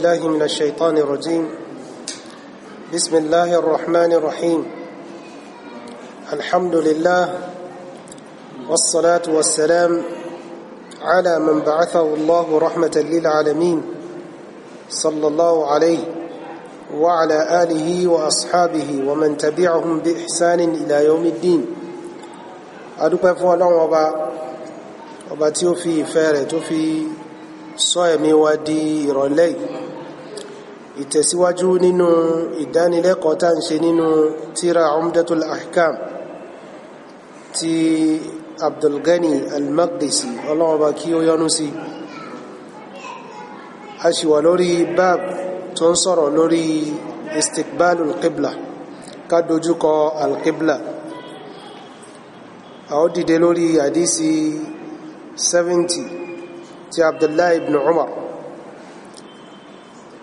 بالله من الشيطان الرجيم بسم الله الرحمن الرحيم الحمد لله والصلاة والسلام على من بعثه الله رحمة للعالمين صلى الله عليه وعلى آله وأصحابه ومن تبعهم بإحسان إلى يوم الدين أدوك فولان وبا وبا تيوفي فارة توفي sọ ẹ̀mí wa ìtẹ̀síwájú nínú ìdánilẹ́kọ̀ọ́ tá ń ṣe nínú tíra umdatul ahkam ti abdulgani al-maqdisi ọlọ́ọ̀bá kí ó yọ́nú sí a ṣì wà lórí báb tó ń sọ̀rọ̀ lórí istikbalul qibla ká dojúkọ al a ó dìde lórí hadisi 70 ti abdullahi ibn umar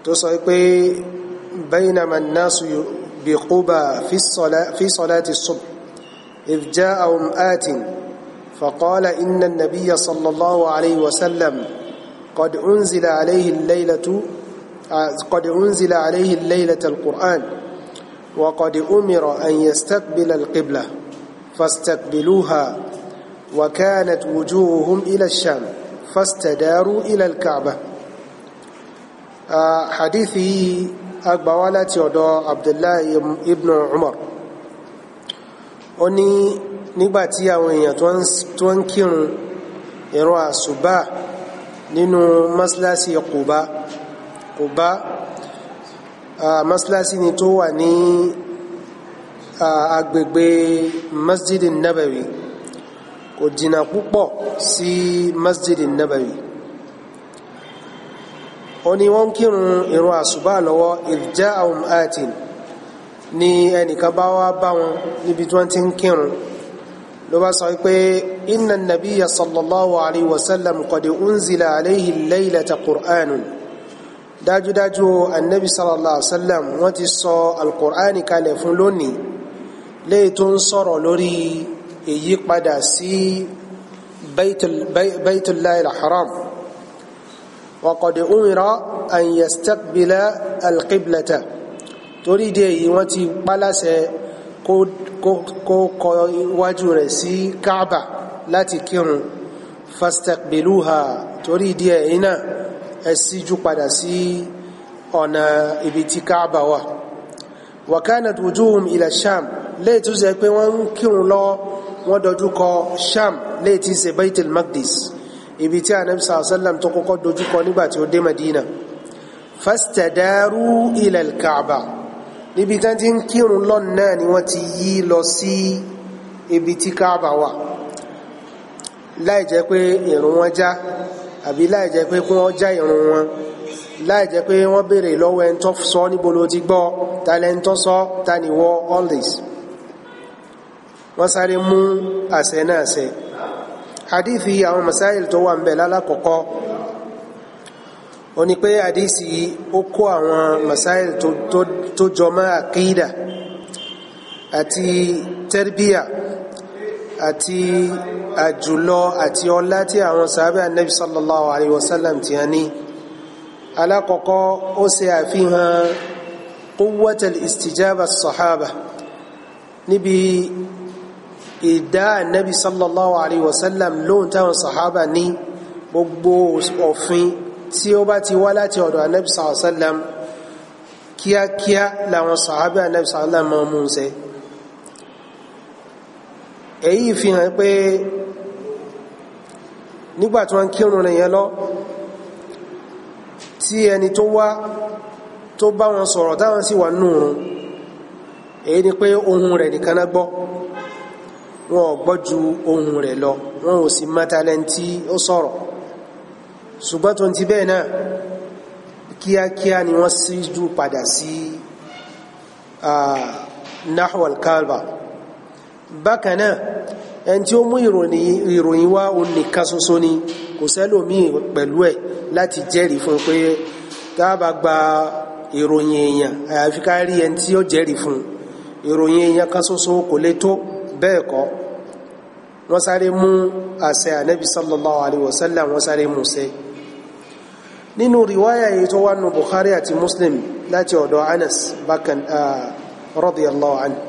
tó بينما الناس بقبى في الصلاة في صلاة الصبح إذ جاءهم آت فقال إن النبي صلى الله عليه وسلم قد أنزل عليه الليلة قد أنزل عليه الليلة القرآن وقد أمر أن يستقبل القبلة فاستقبلوها وكانت وجوههم إلى الشام فاستداروا إلى الكعبة hadithi agbawa láti ọ̀dọ̀ abdullahi ibn umar ó ní nígbàtí àwọn èèyàn tó ń kírun ìrun àṣùbà nínú maslasi Quba Quba maslasi ni tó wà ní agbègbè masjidin nabawi kò jìnnà púpọ̀ sí masjidin nabawi ó ní wọ́n kírun ìrun àṣùbà lọ́wọ́ ìjà àwọn àtìn ni ẹnìkan bá wá bá wọn níbi tí wọ́n ti ń kírun ló bá sọ pé inna nabiyya sallallahu alayhi wa sallam qad unzila alayhi laylata qur'anun dájúdájú annabi sallallahu alayhi wa sallam wọ́n ti sọ alqur'ani kalẹ̀ fún lónìí léyìí tó ń sọ̀rọ̀ lórí èyí padà sí baytullahi alharam. haram وقد أمر أن يستقبل القبلة torí dé èyí wọ́n ti pálásẹ kó kọ iwájú rẹ̀ sí káàbà láti kírun fastaqbiluha torí dé èyí náà ẹ síjú padà sí ọ̀nà ibi tí káàbà wà wa kanat wujuhum ila sham léè tún ṣe pé wọ́n ń kírun lọ wọ́n dojú kọ sham léè tí ṣe baitul maqdis ibi tí anabi sàlám tó kọ́kọ́ dojúkọ nígbà tí ó dé madina fastadaru ilal kaaba níbi tán ti ń kírun lọ́n náà ni wọ́n ti yí lọ sí ibi tí kaaba wà láì jẹ́ pé ìrun wọn já àbí láì jẹ́ pé wọ́n já ìrun wọn láì jẹ́ pé wọ́n béèrè lọ́wọ́ ẹni tó sọ níbo ló ti gbọ́ ta lẹni tó sọ ta ni wọ́ all this wọ́n sáré mú àṣẹ náà ṣe hadithi àwọn masáyìl tó wà ń bẹ̀ lálàkọ̀kọ́ ó ní pé hadithi ó kó àwọn masáyìl tó jọmọ́ àkídà àti tẹ́rbíyà àti àjùlọ àti ọlá tí àwọn sàábẹ́ anabi sallallahu alayhi wa sallam ti hàn ní alákọ̀ọ́kọ́ ó ṣe àfihàn quwwatal istijaba sahaba níbi ìdá ànábì sallallahu alayhi wa sallam lóhun táwọn sàhábà ní gbogbo òfin tí ó bá ti wá láti ọ̀dọ̀ ànábì sallallahu alayhi wa sallam kíákíá làwọn sàhábà ànábì sallallahu alayhi wa sallam máa mú un ṣe èyí fi hàn pé nígbà tí wọ́n kírun rẹ̀ yẹn lọ tí ẹni tó wá tó bá wọn sọ̀rọ̀ táwọn sì wà nùrùn èyí ni pé ohun rẹ̀ nìkan gbọ́ wọn ò gbọ́ ju ohun rẹ̀ lọ wọn ò sì mọ́ta lẹ́ni tí ó sọ̀rọ̀ ṣùgbọ́n tó ń ti bẹ́ẹ̀ náà kíákíá ni wọ́n ṣíjú padà sí nahwal kalba bákan náà ẹni tí ó mú ìròyìn wá òun nìkan ṣoṣo ni kò sẹ́lòmíì pẹ̀lú ẹ̀ láti jẹ́rìí fún pé tábà gba ìròyìn èèyàn àyàfi ẹni tí ó jẹ́rìí fún ìròyìn èèyàn kan ṣoṣo kò lè tó bẹ́ẹ̀ kọ́ wọ́n sáré mú àṣẹ ànábi sallallahu alayhi wa sallam wọ́n sáré mú ṣẹ nínú riwaya yìí tó wà nù Bukhari àti Muslim láti ọ̀dọ̀ Anas bákan radiyallahu anhu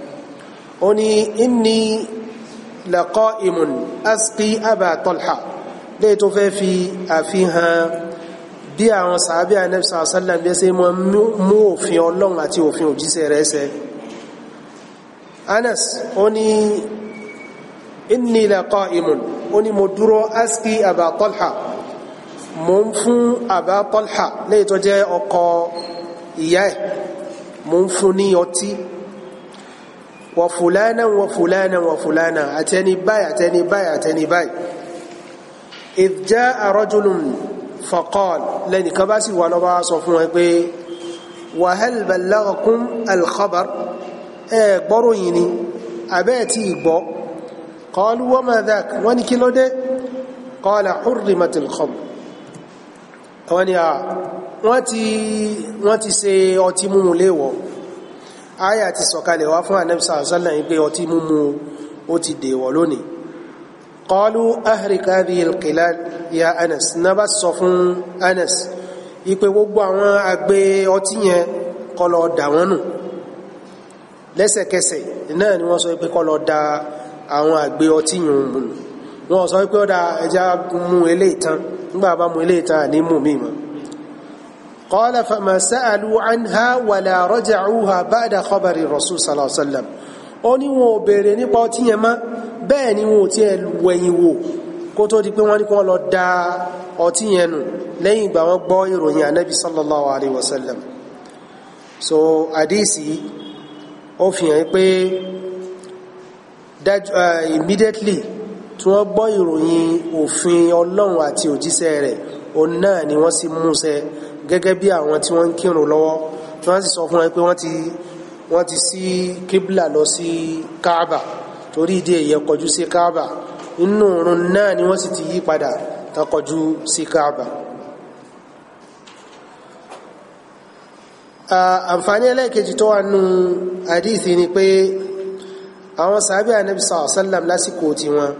ó ní inni laqa'imun asqi Aba Talha lè tó fẹ́ fi àfihàn bí àwọn sàábí ànábi sallallahu alayhi wa sallam bí mú òfin Ọlọ́run àti òfin òjíṣẹ́ rẹ̀ ṣẹ Anas ó ní inni la qa'imun ó ní mo dúró aski Aba Talha mo ń fún Aba Talha léyìí tó jẹ́ ọkọ ìyá ẹ̀ mo ń fún ní ọtí wa fulana wa fulana wa fulana àtẹni báyìí àtẹni báyìí àtẹni báyìí idh ja'a rajulun faqal lẹ́nìkan bá sì wà lọ́wọ́ sọ fún ẹ pé wa hal ballaghakum al khabar ẹ gbọ́ròyìn ni àbẹ́ ti gbọ́ qalu wa ma dhaka wọ́n ní kí ló dé qala hurrimatil khamr wọ́n ní à wọ́n ti wọ́n ti ṣe ọtí múmu léèwọ̀ aya ti sọ̀kalẹ̀ wá fún anabi sallallahu alaihi pé ọtí múmu ó ti dèèwọ̀ lónìí qalu ahrik gbogbo àwọn àgbẹ̀ ọtí yẹn kọlọ dà wọ́n nù lẹ́sẹ̀kẹsẹ̀ náà ni wọ́n sọ pé kọ́ lọ da àwọn àgbé ọtí yòó mu wọ́n sọ pé ọ̀dà ẹja mu eléyìí tán nígbà bá mu eléyìí tán àní mú mi mọ́. قال فما سألوا عنها ولا رجعوها بعد خبر الرسول صلى الله عليه وسلم ó ní wọn ò béèrè nípa ọtí yẹn mọ́ bẹ́ẹ̀ ni wọn ò tiẹ̀ wẹ̀yìn wò kó tó di pé wọ́n ní kí lọ da ọtí yẹn nù lẹ́yìn ìgbà wọ́n gbọ́ ìròyìn ànábì sallallahu alayhi wa sallam so ó fi hàn pé immediately tí wọ́n gbọ́ ìròyìn òfin ọlọ́run àti òjíṣẹ́ rẹ̀ òun náà ni wọ́n sì múṣẹ gẹ́gẹ́ bí àwọn tí wọ́n ń kírun lọ́wọ́ tí wọ́n sì sọ fún wọn pé wọ́n ti wọ́n ti sí kíblà lọ sí káàbà torí ìdí èyí kọjú sí káàbà inú òrun náà ni wọ́n sì ti yí padà tán kọjú sí káàbà. àǹfààní ẹlẹ́ẹ̀kejì tó wà nù àdíìsì ni pé àwọn sàábì ànábì sàlám lásìkò tiwọn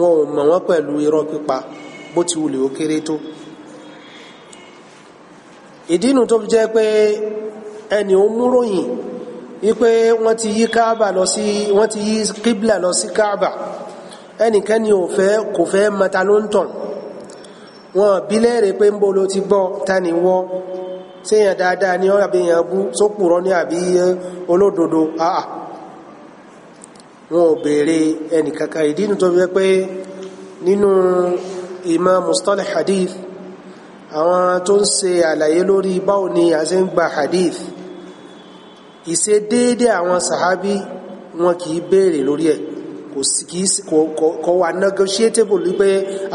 wọn ò mọ̀ wọ́n pẹ̀lú irọ́ pípa bó ti wulẹ̀ ó kéré tó ìdínú tó fi jẹ́ pé ẹni ó mú ròyìn wípé wọ́n ti yí káàbà lọ sí wọ́n ti yí kíblà lọ sí káàbà ẹnikẹ́ni ò fẹ́ kò fẹ́ mata ló ń tàn wọn bí léèrè pé ń bo ti gbọ́ ta wọ́ séèyàn dáadáa ní ọ́n àbí èèyàn bú sópùrọ́ ní àbí olódodo àà wọn ò béèrè ẹnìkankan ìdí nu tó fi pé nínú ìmọ̀ mustalah hadith àwọn tó ń ṣe àlàyé lórí báwo ni a ṣe ń gba hadith ìṣe déédé àwọn sàhábí wọn kì í béèrè lórí ẹ̀ kò sí kì í kò wà negotiable wípé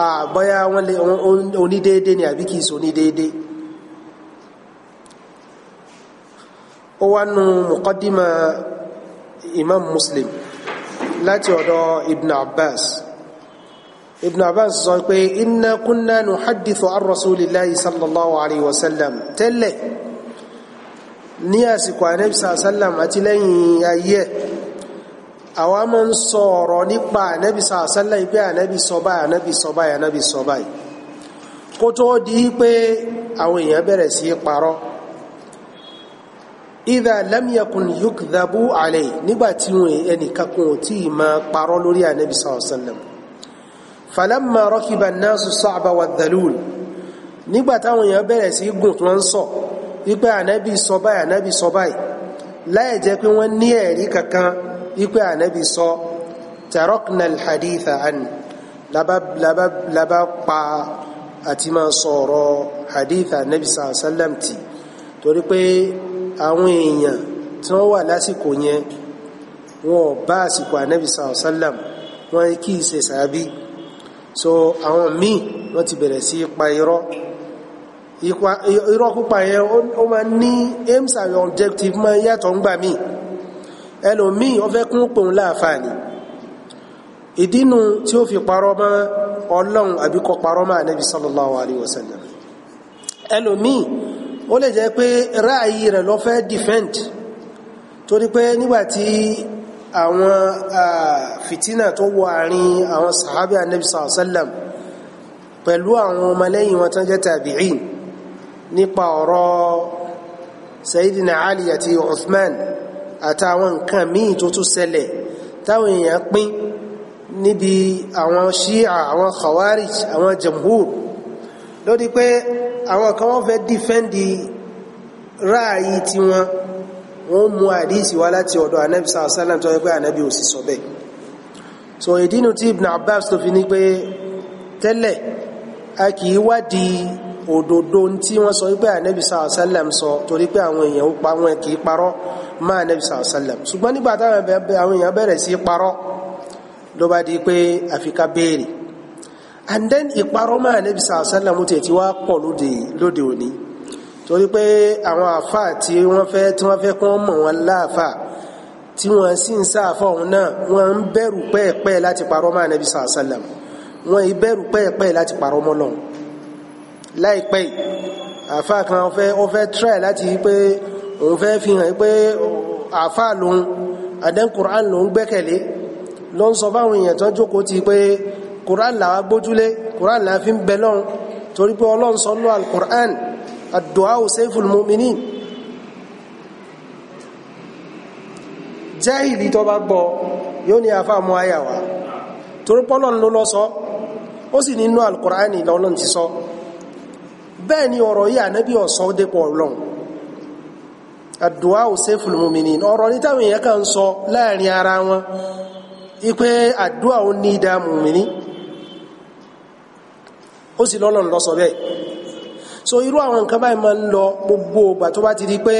àbáyá wọn onídéédé ni àbí kì í onídéédé. So ó wá nu muqaddima imam muslim láti ọ̀dọ̀ ibn abbas ibn abbas sọ pé inna kunna nuhaddithu an rasulillahi sallallahu alayhi wa sallam tẹ́lẹ̀ ní àsìkò anabi sallam àti lẹ́yìn ayé àwa máa ń sọ ọ̀rọ̀ nípa anabi sallam pé anabi sọ báyìí kó tó di pé àwọn èèyàn bẹ̀rẹ̀ sí parọ́ ìdá lámìyàkùn yukdabu alẹ́ nígbà tí wọn ẹnìkankan ò tí ì máa parọ́ lórí ànábì sàlọ́sàlẹ̀m falamma rakiba náàsù sa'ba wà dàlúùl nígbà táwọn èèyàn bẹ̀rẹ̀ sí gùn tó ń sọ wípé ànábì sọ báyìí ànábì sọ báyìí láì jẹ́ pé wọ́n ní ẹ̀rí kankan wípé ànábì sọ tarokna alhaditha an labá pa àti máa sọ̀rọ̀ haditha ànábì sàlọ́sàlẹ̀m tì torí pé àwọn èèyàn tí wọ́n wà lásìkò yẹn wọn ò bá àsìkò ànábì sàlám wọn kì í ṣe sàábí so àwọn míì wọ́n ti bẹ̀rẹ̀ sí pa irọ́ irọ́ pípa yẹn ó máa ní aims and objective ma yàtọ̀ ń gbà míì ẹlòmíì wọ́n fẹ́ kún pòun láàfààní ìdínú tí ó fi parọ́ mọ́ ọlọ́run àbíkọ parọ́ mọ́ ànábì sallallahu alayhi wa sallam ó lè jẹ́ pé ráàyí rẹ̀ lọ fẹ́ defend torí pé nígbàtí àwọn fìtínà tó wọ àárín àwọn sàhábì anabi sallam pẹ̀lú àwọn ọmọlẹ́yìn wọn tán jẹ́ tàbíìn nípa ọ̀rọ̀ sayidina ali àti uthman àtàwọn nǹkan míì tó tún ṣẹlẹ̀ táwọn èèyàn pín níbi àwọn shia àwọn khawarij àwọn jamhur lórí pé àwọn kan wọ́n fẹ́ dífẹ́ndì ráàyí tí wọ́n wọ́n mú àdísì wá láti ọ̀dọ̀ ànábì sallallahu alaihi wasallam tó yẹ pé ànábì ò sì sọ bẹ́ẹ̀ so ìdínú tí Ibn Abbas tó fi ní pé tẹ́lẹ̀ a kì í wádìí òdodo tí wọ́n sọ wípé ànábì sallallahu alaihi wasallam sọ torí pé àwọn èèyàn pa wọn kì í parọ́ má ànábì sallallahu ṣùgbọ́n nígbà táwọn èèyàn bẹ̀rẹ̀ sí parọ́ ló bá di pé àfi béèrè and then ìparọ́ máa níbi sàásánlá mú tẹ̀ tí wá pọ̀ lóde lóde òní torí pé àwọn àfà tí wọ́n fẹ́ tí wọ́n fẹ́ kún mọ̀ wọn láàfà tí wọ́n sì ń sáàfọ̀ òun náà wọ́n ń bẹ̀rù pẹ́ẹ̀pẹ́ láti parọ́ máa níbi wọ́n ń bẹ̀rù pẹ́ẹ̀pẹ́ láti parọ́ mọ́ láìpẹ́ àfà kan ó fẹ́ ó fẹ́ try pé òun fẹ́ fi hàn pé àfà lòun àdán Qur'an lòun gbẹ́kẹ̀lé ló ń sọ fáwọn èèyàn tó jókòó ti pé quran làwa gbójúlé quran làwa fi ń bẹ lọ́run torí pé ọlọ́run sọ nínú alukur'an àdùá ò sẹ́fùl mọ́mìnì jahili tó bá gbọ́ yóò ní afá mọ́ àyà wa torí pé ọlọ́run ló lọ sọ ó sì nínú alukur'an ìlọ́lọ́run ti sọ bẹ́ẹ̀ ni ọ̀rọ̀ yìí ànábì ọ̀sọ́ dépọ̀ ọlọ́run àdùá ò sẹ́fùl mọ́mìnì ọ̀rọ̀ ní táwọn èèyàn kan sọ láàrin ara wọn ipe àdúrà ó ní ìdá mùmìnì ó sì lọ́nà lọ sọ bẹ́ẹ̀ so irú àwọn nǹkan báyìí máa ń lọ gbogbo ìgbà tó bá ti di pé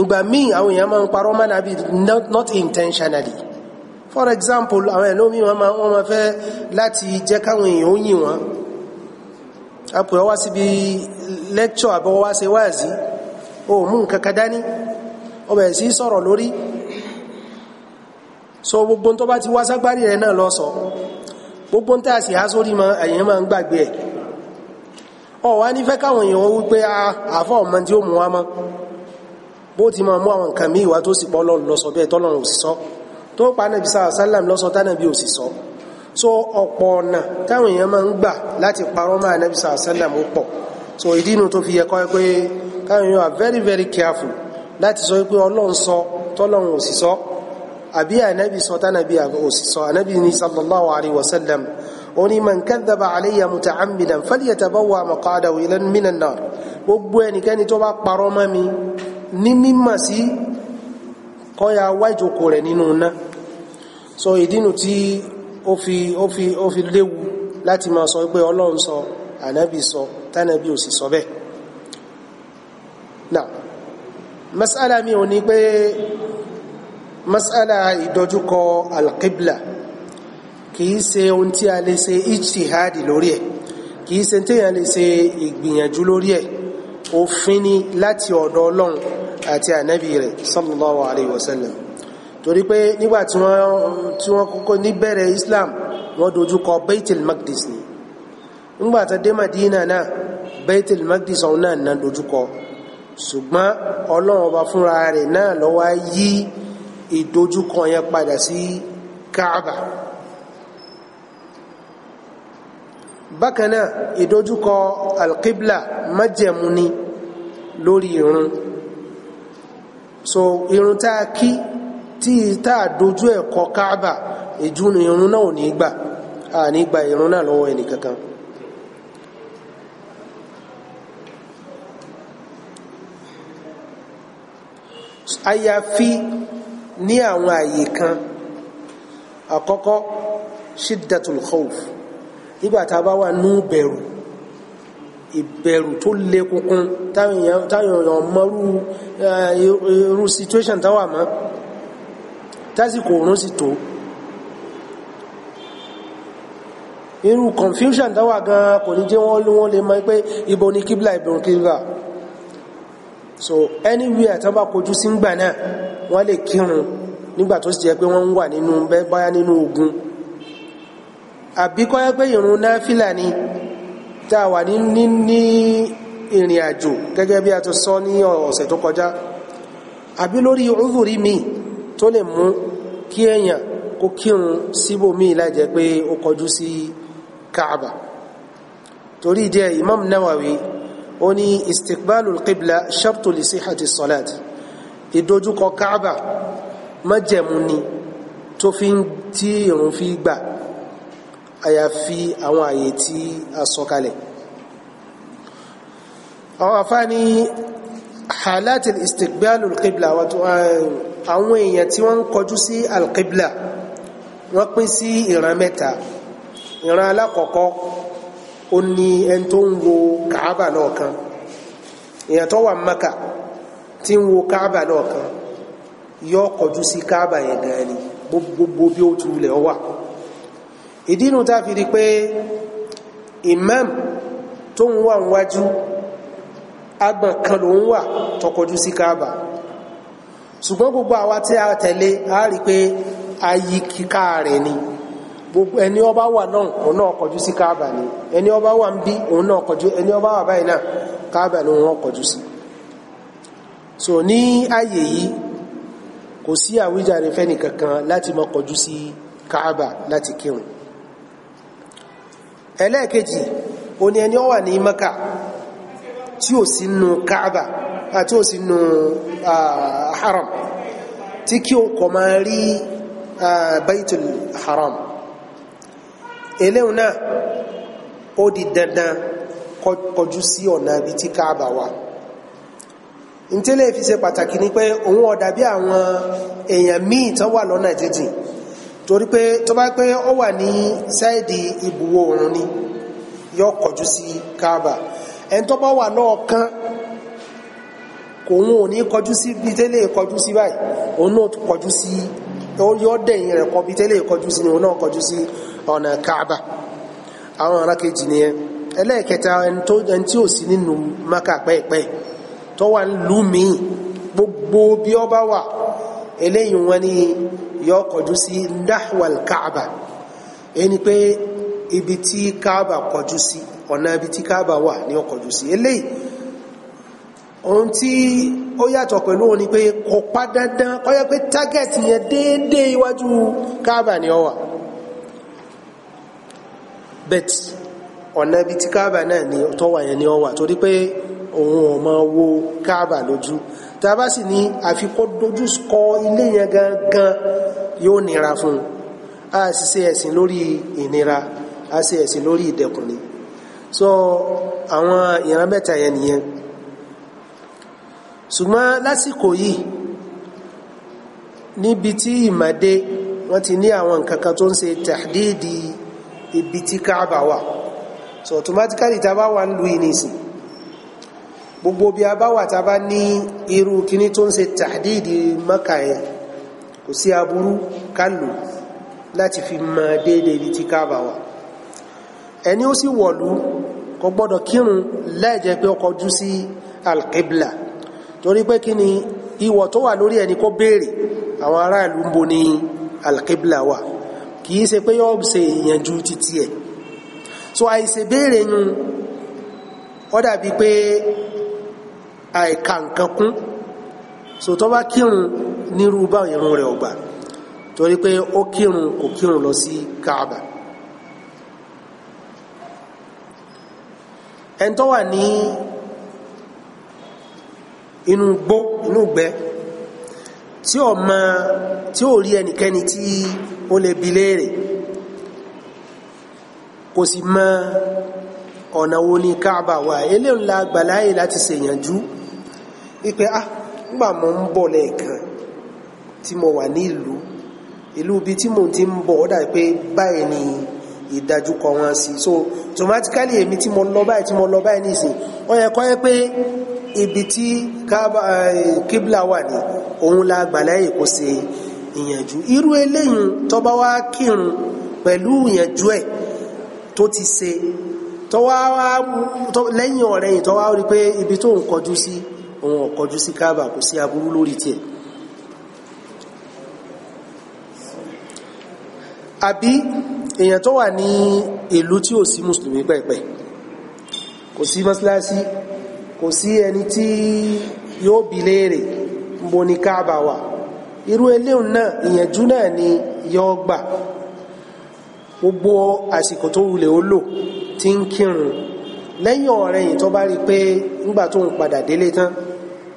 ìgbà míì àwọn èèyàn máa ń parọ́ mọ́ nàbí not intentionally for example àwọn ẹlòmíì wọn máa fẹ́ láti jẹ́ káwọn èèyàn ó yìn wọn apò ẹ wá síbi lecture àbọ̀ wá ṣe wáàzí ó mú nǹkan kan dání ó bẹ̀rẹ̀ sí sọ̀rọ̀ lórí so gbogbo tó bá ti wá ságbárí rẹ̀ náà lọ sọ gbogbo ń tàà sí há sórí mọ èyàn máa ń gbàgbé ẹ̀ ọ wá nífẹ́ káwọn èèyàn ó wípé ah, àfọ́ ọmọ tí ó mú wa mọ́ bó ti máa mú àwọn nǹkan míì wá tó sì pọ́ lọ́rùn lọ́sọ bẹ́ẹ̀ tọ́lọ́run ò sọ tó pa nàbí sáà sálàm lọ́sọ tánàbí ò sì sọ so ọ̀pọ̀ ọ̀nà táwọn èèyàn máa ń gbà láti parọ́ máa nàbí sáà sálàm ó pọ̀ so ìdí inú tó fi yẹ kọ́ pé káwọn èèyàn are very very careful láti sọ pé ọlọ́run sọ tọ́lọ́run ò sì sọ àbí ànábì sọ tánàbí òsìsọ ànábì ní sallallahu alayhi wa sallam ó ní man kadhaba alayya muta'ammidan falyatabawa maqadahu minan nar gbogbo ẹnikẹ́ni tó bá parọ́ mọ́ mi ní mímọ̀ sí kọ́ya wá ìjòkó rẹ̀ nínú náà so ìdínú tí ó fi ó fi ó fi léwu láti máa sọ pé ọlọ́run sọ ànábì sọ tánàbí ò sì bẹ́ẹ̀ náà masala mi ò ní pé masala ìdojúkọ alqibla kìí ṣe ohun tí a lè ṣe ijtihadi lórí ẹ̀ kìí ṣe tí a lè ṣe ìgbìyànjú lórí ẹ̀ òfin ni láti ọ̀dọ̀ ọlọ́run àti ànábì rẹ̀ sallallahu alayhi wa sallam torí pé nígbà tí wọ́n kọ́kọ́ níbẹ̀rẹ̀ islam wọ́n dojúkọ baitul maqdis ni nígbà tá dé madina náà baitul maqdis ọ̀hún náà dojúkọ ṣùgbọ́n ọlọ́run ọba fúnra rẹ̀ náà ló yí ìdojúkọ yẹn padà sí káàbà bákanáà ìdojúkọ alqibla májẹ̀mú ni lórí irun so irun tá a kí tí tá a dojú ẹ̀ kọ káàbà ìjúnu irun náà ní gbà a ní gba irun náà lọ́wọ́ ẹnìkankan àyàfi ní àwọn àyè kan àkọ́kọ́ shiddatul khawf nígbà a bá wà nú bẹ̀rù ìbẹ̀rù tó le kunkun táwọn èèyàn mọ́rú eh, irú situation táwà mọ́ tásìkò òun sì tó irú confusion táwà gan kò ní jẹ́ wọ́n wọ́n lè mọ̀ pé ibo ni kíbla ibo ni so anywhere tábà kojú sí ń gbà náà wọ́n lè kírun nígbà tó sì jẹ́ pé wọ́n ń wà nínú báyá nínú ogun àbí kọ́ yẹ pé ìrun náfìlà ni tá a wà ní ìrìn àjò gẹ́gẹ́ bí a ti sọ ní ọ̀sẹ̀ tó kọjá àbí lórí uzuri mi tó lè mú kí èèyàn kó kírun síbòmíì láì jẹ́ pé ó kọjú sí Kaaba torí ìdí ẹ̀ Imam Nawawi ó ní istiqbalul qibla shartu li sihhati salati ìdojúkọ káàbà májẹ̀mú ni tó fi ń tí ìrun fi gbà àyàfi àwọn àyè tí a sọ kalẹ̀ àwọn afá ní halatil istiqbal alqibla àwọn èèyàn tí wọ́n ń kọjú sí alqibla wọ́n pín sí ìran mẹ́ta ìran alákọ̀ọ́kọ́ ó ní ẹni tó ń wo kàábà lọ́ọ̀kan èèyàn tó wà Mákà tí ń wo káàbà náà kan yọ kọjú sí káàbà yẹn gan ni bí ó lẹ̀ wà ìdínú tá fi pé imam tó ń wà níwájú agbọ̀n kan ló ń wà sí káàbà ṣùgbọ́n gbogbo àwa tí a tẹ̀lé a rí pé a yí kíká ni ẹni ọba wà náà òun náà kọjú ni ẹni ọba wà ń bí ọba wà báyìí náà káàbà ni so ní ààyè yìí kò sí àwíjàre fẹ́ni kankan láti mọ́ kọjú sí káàbà láti kírun ẹlẹ́ẹ̀kejì o ní ẹni ó wà ní maka tí ò sí nù káàbà àti ò sí nù haram tí kí o kọ̀ máa rí baitul haram eléhùn náà ó di dandan kọjú sí ọ̀nà ibi tí káàbà wà. Ko, ntẹ́lẹ̀ fi se pàtàkì ni pé òun ọ̀dà bí àwọn èèyàn míì tán wà lọ́nà jíjìn torí pé tó bá pé ó wà ní sáìdì ni yóò kọjú sí káàbà ẹni tó bá wà lọ́ọ̀kan kò ń ò ní kọjú sí bí tẹ́lẹ̀ kọjú sí báyìí òun náà kọjú sí yóò dẹ̀yìn rẹ̀ kọ bí tẹ́lẹ̀ kọjú kọjú sí ọ̀nà káàbà àwọn ará kejì nìyẹn ẹlẹ́ẹ̀kẹta ẹni tí ò sí nínú tó wà ń lú mi gbogbo bí ọ bá wà eléyìí wọn ni yọ kọjú sí nahwal kaaba ẹni pé ibi tí kaaba kọjú sí ọ̀nà ibi tí kaaba wà ni ọ kọjú sí eléyìí ohun tí ó yàtọ̀ pẹ̀lú òun ni pé kò pa dandan kò yẹ pé target yẹn déédéé iwájú kaaba ni ọ wà bet ọ̀nà ibi tí kaaba náà ni tọ́wà yẹn ni ọ wà torí pé òun ò máa wo káàbà lójú tá a bá sì ní àfikún dojú kọ ilé yẹn gangan yóò nira fún un a sì ṣe ẹ̀sìn lórí ìnira a ṣe ẹ̀sìn lórí ìdẹ̀kùn ni so àwọn ìran mẹ́ta yẹn nìyẹn ṣùgbọ́n lásìkò yìí níbi tí ìmàdé wọ́n ti ní àwọn nǹkan kan tó ń ṣe tàdéèdì ibi tí káàbà wà so automatically tá a bá wà ń lu ìnìsìn gbogbo bí a bá wà tá a bá ní irú kíní tó ń ṣe tàdíìdì mọ́kà yẹn kò sí aburú ká lò láti fi mọ déédéé ibi tí káàbà wà ẹni ó sì wọ̀lú kò gbọ́dọ̀ kírun láìjẹ́ pé ó kọjú sí alqibla torí pé kí ni ìwọ̀ tó wà lórí ẹni kó béèrè àwọn aráàlú ń bo ní alqibla wà kì í ṣe pé yóò ṣe ìyànjú títí ẹ̀ so àìṣe béèrè yun ó dàbí pé àìka nǹkan kún so tó bá kírun nírú bá irun rẹ̀ ọgbà torí pé ó kírun kò kírun lọ sí káàbà ẹni tó wà ní inú gbó inú gbẹ tí ò mọ tí ò rí ẹnikẹ́ni tí ó lè bi léèrè kò sì mọ ọ̀nà wo ni káàbà wà eléyìí ńlá gbàláyè láti ṣèyànjú. La wípé ah nígbà mo ń bọ̀ lẹ́ẹ̀kan tí mo wà ní ìlú ìlú ibi tí mo ti ń bọ̀ ó dà pé báyìí ni ìdájúkọ wọn sí so automatically èmi tí mo lọ báyìí tí mo lọ báyìí nìsín ó yẹ kọ́ yẹ pé ibi tí kíbla eh, wà ní òun la gbàláyè kó ṣe ìyànjú irú eléyìí tó bá wá kírun pẹ̀lú ìyànjú ẹ̀ tó ti ṣe tó wá lẹ́yìn ọ̀rẹ́yìn tó rí pé ibi tó ń kọjú sí. Si òun ọ̀kọjú sí káàbà kò sí aburú lórí tiẹ̀ àbí èèyàn tó wà ní ìlú tí ò sí mùsùlùmí pẹ̀pẹ̀ kò sí mọ́síláṣí kò sí ẹni tí yóò bi léèrè mbó ni káàbà wà irú eléhùn náà ìyànjú náà ni yóò gbà gbogbo àsìkò tó wulẹ̀ ó lò tí ń kírun lẹ́yìn ọ̀rẹ́yìn tó bá rí pé nígbà tó ń padà délé tán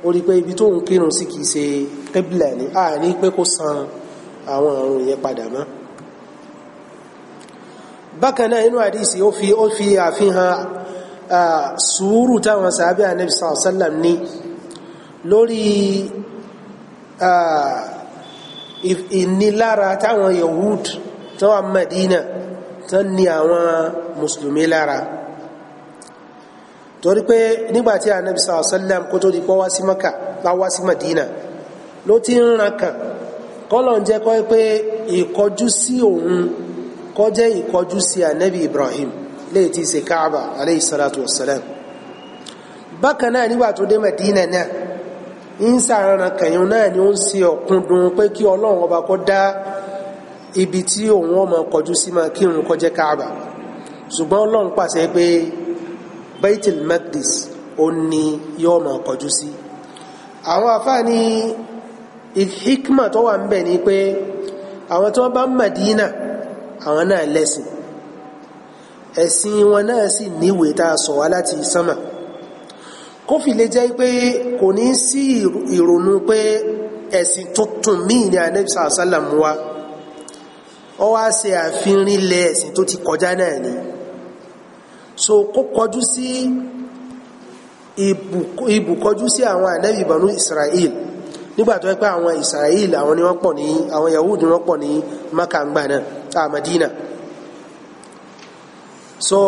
ó rí pé ibi tó ń kírun sí kìí ṣe kébìlà ní àní pé kó san àwọn àrùn yẹn padà mọ́ bákan náà inú àdìsí ó fi ó fi àfihàn sùúrù táwọn sàábẹ́ ànábì sallallahu alaihi wasallam ní lórí ìnilára táwọn yahud tó wà Madina tó ní àwọn mùsùlùmí lára. torí pé nígbàtí anabi sàlọ sàlẹm kó tó di kó wá sí maka bá wá sí madina ló ti ń ran kàn kọlọ ń kọ pé ìkọjú sí anabi ibrahim lè ti ṣe káàbà aleyhi salatu bákan náà nígbà tó dé madina náà ń kẹyìn náà ni ó ń ṣe ọ̀kúndùn pé kí ọlọ́run ọba kó dá ibi tí òun ọmọ kọjú sí jẹ́ baitul maqdis ó ní yóò máa kọjú sí àwọn àfáàní hikma tó wà ń bẹ̀ ni pé àwọn tó bá Madina àwọn náà lẹ́sìn ẹ̀sìn wọn náà sì níwèé tá a sọ wá láti sánmà kó fi lè jẹ́ pé kò ní sí ìrònú pé ẹ̀sìn tuntun míì ni anẹ́bísà sálàmù wa ọ wá ṣe àfihàn ilẹ̀ ẹ̀sìn tó ti kọjá náà ni. so kó kọjú sí ibùkọjú sí àwọn ànábì banu Israel nígbà tó yẹ pé àwọn Israel àwọn ni wọ́n pọ̀ ní àwọn Yahudi ni wọ́n pọ̀ ní makangba náà Madina so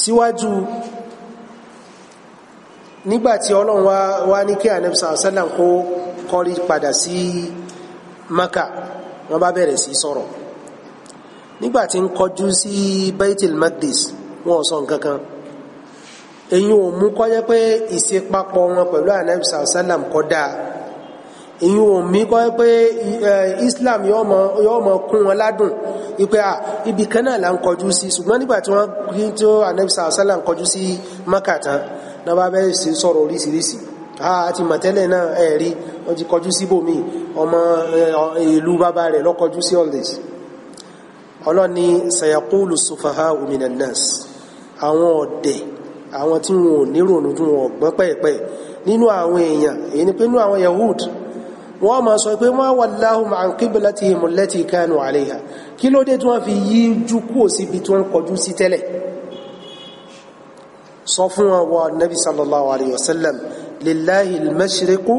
síwájú nígbàtí ọlọ́run wa wa ní kí ànábì sàlám kó kọrí padà sí maka wọ́n bá bẹ̀rẹ̀ sí sọ̀rọ̀. So, nígbà tí ń kọjú sí Baitul Maqdis wọn ò sọ nǹkan kan èyí ò mú kọ́jẹ́ pé ìṣepapọ̀ wọn pẹ̀lú anabi sàlám kọ́dà èyí ò mí kọ́jẹ́ pé eh, Islam yóò mọ kún wọn ládùn ipe à ibì kan náà là ń kọjú sí ṣùgbọ́n nígbà tí wọ́n kí tó anabi sàlám kọjú sí Maka tán náà bá bẹ́ẹ̀ sì sọ̀rọ̀ oríṣiríṣi àti ah, mọ̀tẹ́lẹ̀ náà ẹ̀rí wọ́n ti kọjú síbòmí ọmọ eh, ìlú bàbá rẹ̀ lọ́kọjú sí all this ọlọ́ni sayakulu sufaha minan nas àwọn ọ̀dẹ̀ àwọn tí wọn ò nírònú tí wọn ò gbọ́n pẹ́ẹ̀pẹ́ nínú àwọn èèyàn èyí ni pé nínú àwọn Yahud wọ́n máa sọ pé ma wallahum an qiblatihim allati kanu alayha kí ló dé tí wọ́n fi yí jú kúrò síbi tí wọ́n kọjú sí tẹ́lẹ̀ sọ fún wọn wọ nabi sallallahu alayhi wa sallam lillahi al-mashriqu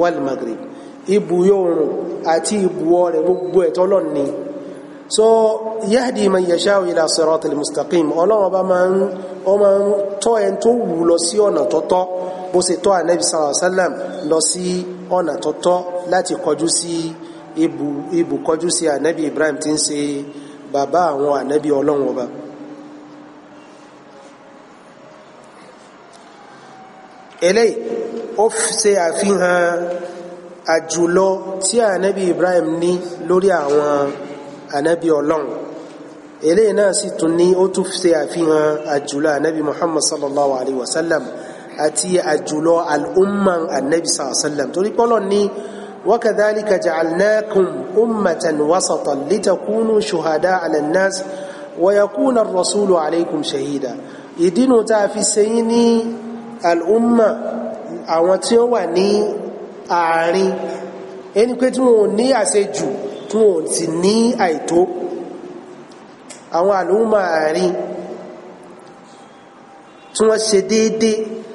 wal-maghrib ibùyọ̀ oòrùn àti ibùwọ̀ rẹ̀ gbogbo ẹ̀tọ́ lọ́nìí so yahdi man yashau ila siratil mustaqim ọlọ́run bá máa ń ọ máa ń tọ́ ẹni tó wù lọ sí ọ̀nà tọ́tọ́ bó ṣe tọ́ anabi sallallahu alayhi wa sallam lọ sí ọ̀nà tọ́tọ́ láti kọjú sí ibù ibù kọjú sí anabi ibrahim tí ń ṣe bàbá àwọn anabi ọlọ́run ọba. eléyìí ó ṣe àfihàn àjùlọ tí anabi ibrahim ní lórí àwọn anabi ọlọ́run eléyìí náà sì tún ní ó tún ṣe àfihàn àjùlọ anabi muhammad sallallahu alayhi wa sallam àti àjùlọ al'umman anabi sallallahu alayhi wa sallam torí pọ́lọ́ ní وكذلك جعلناكم أمة وسطا لتكونوا شهداء على الناس ويكون الرسول عليكم شهيدا يدين تافسيني الأمة àwọn tí ó wà ní àárín ẹni pé tí wọn ò ní àṣejù tún ò sì ní àìtó àwọn àlùmọ̀ àárín tí wọ́n ṣe déédé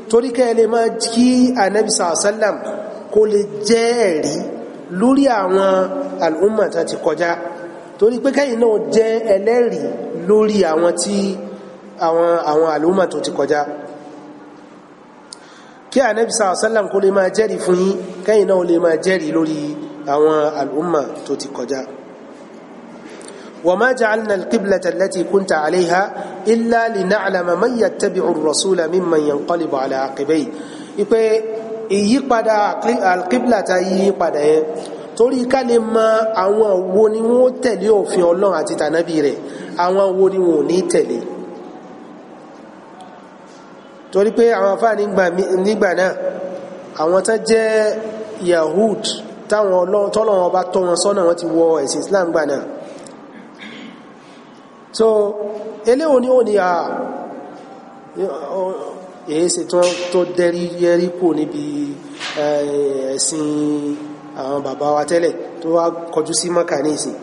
torí kẹ́lẹ̀ máa kí ànábì sàásálàm kó lè jẹ́ ẹ̀rí lórí àwọn àlùmọ̀ tó ti kọjá torí pé kẹ́yìn náà jẹ́ ẹlẹ́rìí lórí àwọn tí àwọn àwọn tó ti kọjá kí ànábì sàásálàm kó lè máa jẹ́rìí fún yín kẹ́yìn náà lè máa jẹ́rìí lórí àwọn al'umma tó ti kọjá وما جعلنا القبلة التي كنت عليها إلا لنعلم من يتبع الرسول ممن ينقلب على عقبيه ipe ìyípadà alqibla ta yípadà yẹn torí ká lè mọ àwọn wo ni wọn tẹ̀lé òfin Ọlọ́run àti tànábì rẹ̀ àwọn wo ni wọn ní tẹ̀lé torí pé àwọn afáà nígbà náà àwọn tó jẹ́ Yahud táwọn ọlọ́run tọ́lọ́run ọba tọ́ wọn sọ́nà wọn ti wọ ẹ̀sìn Islam gbà náà so eléwo ni ó ní a èése tó dẹ́rí yẹrí kò níbi ẹ̀sìn àwọn bàbá wa tẹ́lẹ̀ tó wá kọjú sí mọ́kà ní ìsìn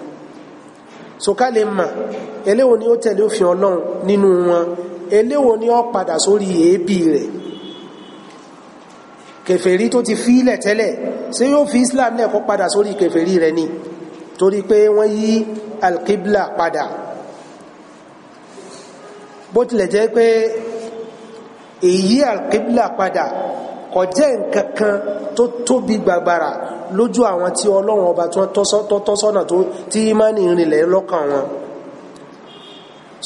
so ká lè mà o ni ó tẹ̀lé òfin ọlọ́run nínú wọn eléwo ni ó padà sórí èébì rẹ̀ kèfèrí tó ti fílẹ̀ tẹ́lẹ̀ ṣé yóò fi islam náà kó padà sórí kèfèrí rẹ̀ ni torí pé wọ́n yí alqibla padà bó tilẹ̀ jẹ́ pé èyí alqibla padà kò jẹ́ nǹkan kan tó tóbi gbàgbàrà lójú àwọn tí ọlọ́run ọba tó tí ìmánì ìrìnlẹ̀ lọ́kàn wọn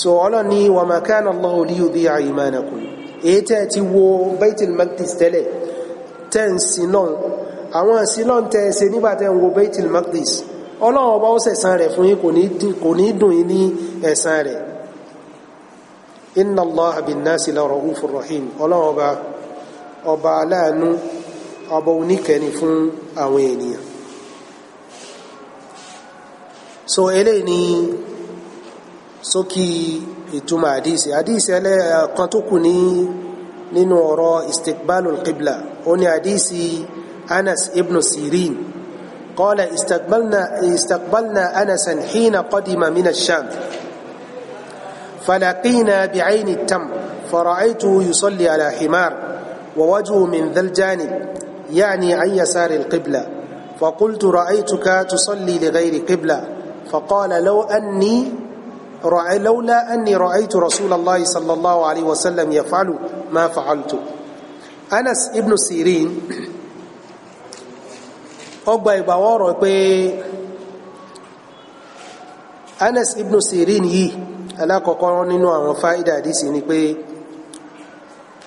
so ọlọ́run ní wa ma kana Allahu liyudi'a imanakum èyí tẹ́ ti wo Baitul tẹ́lẹ̀ tẹ́ ń sin náà àwọn ìsin náà tẹ́ ṣe nígbà tẹ́ ń wo Baitul Maqdis ọlọ́run ọba ó sẹ̀san rẹ̀ fún yín kò ní dùn yín ní ẹ̀san rẹ̀ inna Allaha bin-nasi la ra'ufur rahim ọlọ́run ọba ọba aláàánú ọba oníkẹni fún àwọn ènìyàn so eléyìí ni sókí ìtumọ̀ àdìsí àdìsí ẹlẹ́ẹ̀kan tó kù ní nínú ọ̀rọ̀ istiqbalul qibla. أني حديثي أنس ابن سيرين قال استقبلنا, استقبلنا أنسا حين قدم من الشام فلقينا بعين التمر فرأيته يصلي على حمار ووجهه من ذا الجانب يعني عن يسار القبلة فقلت رأيتك تصلي لغير قبلة فقال لو أني رأي لولا أني رأيت رسول الله صلى الله عليه وسلم يفعل ما فعلت Anas ibn Sirin ọgbà ìgbàwọ́ ọ̀rọ̀ pé Anas ibn Sirin yìí alákọ̀ọ́kọ́ nínú àwọn fáìdà àdísì ni pé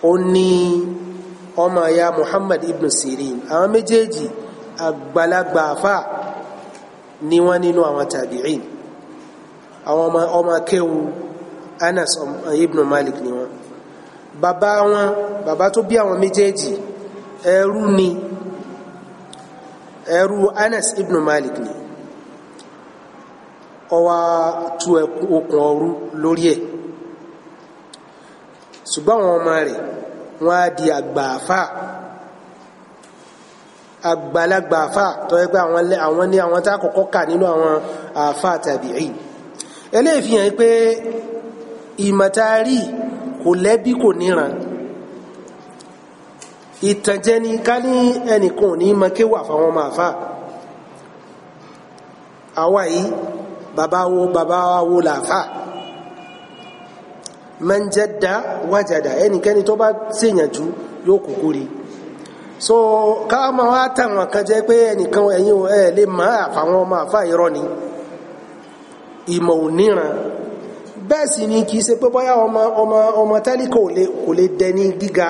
ó ní ọmọ ya Muhammad ibn Sirin àwọn méjèèjì àgbàlagbà àfà ni wọ́n nínú àwọn tàbíìn àwọn ọmọ kéwu Anas ibn Malik ni wọ́n Baba wọn baba tó bí àwọn méjèèjì ẹrú ni ẹrú Anas ibn Malik ni ọwa tu okùn ọrú lórí ẹ̀ ṣùgbọ́n àwọn ọmọ rẹ̀ wọ́n á di àgbààfà àgbàlagbà àfà tó yẹ pé àwọn ní àwọn tá kọ́kọ́ kà nínú àwọn àfà tàbíì eléyìí fi hàn pé ìmọ̀tárì kò lẹ́bí kò níran ìtànjẹ ni ká ní ẹnìkan ò ní mọ kéwà fáwọn ọmọ àfa àwa yìí bàbá wo bàbá wo làáfà mẹ́njẹ́dá wájàdá ẹnikẹ́ni tó bá ṣèyànjú yóò kúkú rí so ká máa wá tàwọn kan jẹ́ pé ẹnìkan ẹ̀yin ẹ̀ lè má àfàwọn ọmọ àfa irọ́ ni ìmọ̀ ò bẹ́ẹ̀ sì ni kìí ṣe pé bọ́yá ọmọ ọmọ ọmọ tálíkà ò lè kò lè dẹni gíga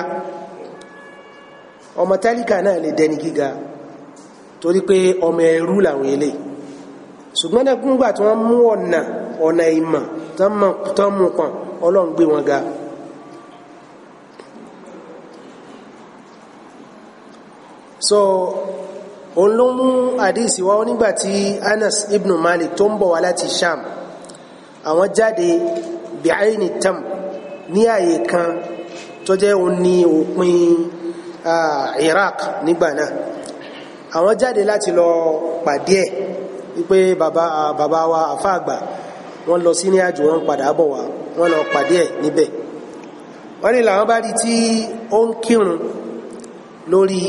ọmọ tálíkà náà lè dẹni gíga torí pé ọmọ ẹrú làwọn ilé ṣùgbọ́n dẹ́kun tí wọ́n mú ọ̀nà ọ̀nà ìmọ̀ tán mú pọ̀n ọlọ́run wọn ga so òun ló mú àdéhìsí wa tí Anas ibn Malik tó ń bọ̀ wá láti Sham àwọn jáde bìáyìnì tam ní àyè kan tó jẹ́ òun ní òpin Iraq nígbà náà àwọn jáde láti lọ pàdé ẹ̀ wípé bàbá wa àfa àgbà wọ́n lọ sí ní àjò wọn padà bọ̀ wá wọ́n lọ pàdé ẹ̀ níbẹ̀ wọ́n ní làwọn bá rí tí ó ń kírun lórí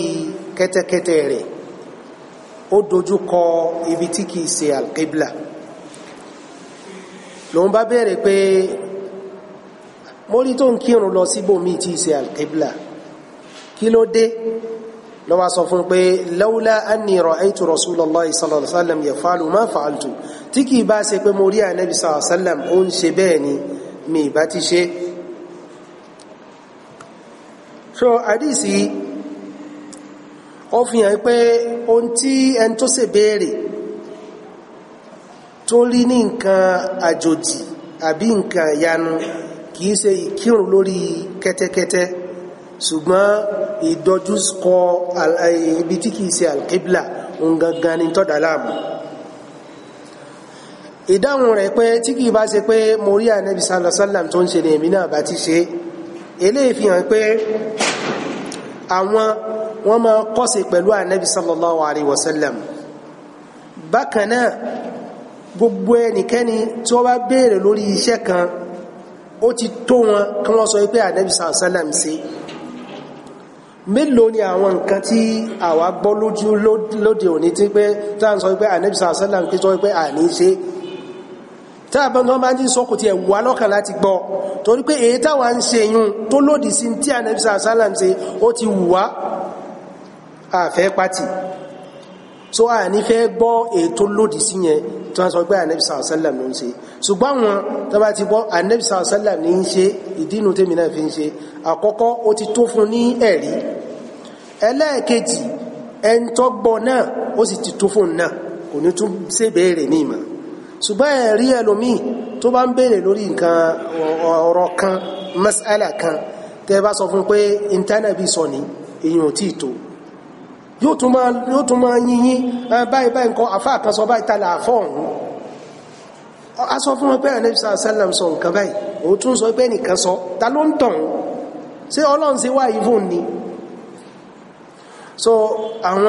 kẹ́tẹ́kẹ́tẹ́ rẹ̀ ó dojú kọ ibi tí kìí ṣe alqibla lòun bá bẹ̀rẹ̀ pé mórí tó ń kírun lọ síbòmí tí í ṣe alqibla kí ló dé lọ́wọ́ sọ fún pé lawla anni ra'aytu rasulallahi sallallahu alaihi wasallam yaf'alu ma fa'altu tí kìí bá ṣe pé mo rí ànábì sallallahu alaihi wasallam ó ń ṣe bẹ́ẹ̀ ni mi ìbá ti ṣe so àdìsí ó fi hàn pé ohun tí ẹni tó ṣe béèrè tó rí ní nǹkan àjòjì àbí nǹkan ìyanu kìí ṣe ìkírun lórí kẹ́tẹ́kẹ́tẹ́ ṣùgbọ́n ìdojúkọ ibi tí kìí ṣe alkibla ngangan ni tọ́dà láàmú ìdáhùn rẹ̀ pé tí kìí bá ṣe pé mo rí ànábì sallallahu alaihi wasallam tó ń ṣe ní èmi náà bá ti ṣe eléyìí fi pé àwọn wọ́n máa kọ́ṣe pẹ̀lú ànábì sallallahu alaihi wasallam bákan náà gbogbo ẹnikẹ́ni tí wọ́n bá béèrè lórí iṣẹ́ kan ó ti tó wọn kí wọ́n sọ pé ànábì sàlám ṣe mélòó ni àwọn nǹkan tí àwa gbọ́ lójú lóde òní tí pé tá à ń sọ pé ànábì sàlám kí sọ pé àní ṣe tá a bá wọn bá ń sọ kò tiẹ̀ wà lọ́kàn láti gbọ́ torí pé èyí táwa ń ṣe yún tó lòdì sí tí ànábì sàlám ṣe ó ti wù àfẹ́ pátì so a ní fẹ́ gbọ́ ètò lòdì sí yẹn tí wọ́n sọ pé anabi sàlá sàlám ló ń ṣe ṣùgbọ́n wọn tó bá ti gbọ́ anabi sàlá sàlám ní í ṣe ìdínú tèmi náà fi ń ṣe àkọ́kọ́ ó ti tó fún ní ẹ̀rí ẹlẹ́ẹ̀kejì ẹni tó gbọ́ náà ó sì ti tó fún náà kò ní tún ṣe béèrè ní ìmọ̀ ṣùgbọ́n ẹ̀rí ẹlòmíì tó bá ń béèrè lórí nǹkan ọ̀rọ̀ mas'ala kan tẹ́ bá sọ fún pé intanẹ́bì sọ ní èyàn ò yóò tún máa yínyìn báyìí báyìí nǹkan àfáà kan sọ báyìí tààlà àfọ́ọ̀hún a sọ fún wọn pé ànábì sàlám sọ nǹkan báyìí òun tún sọ pé nìkan sọ ta ló ń tàn ṣé ọlọ́run ṣe wá yìí fún ni so àwọn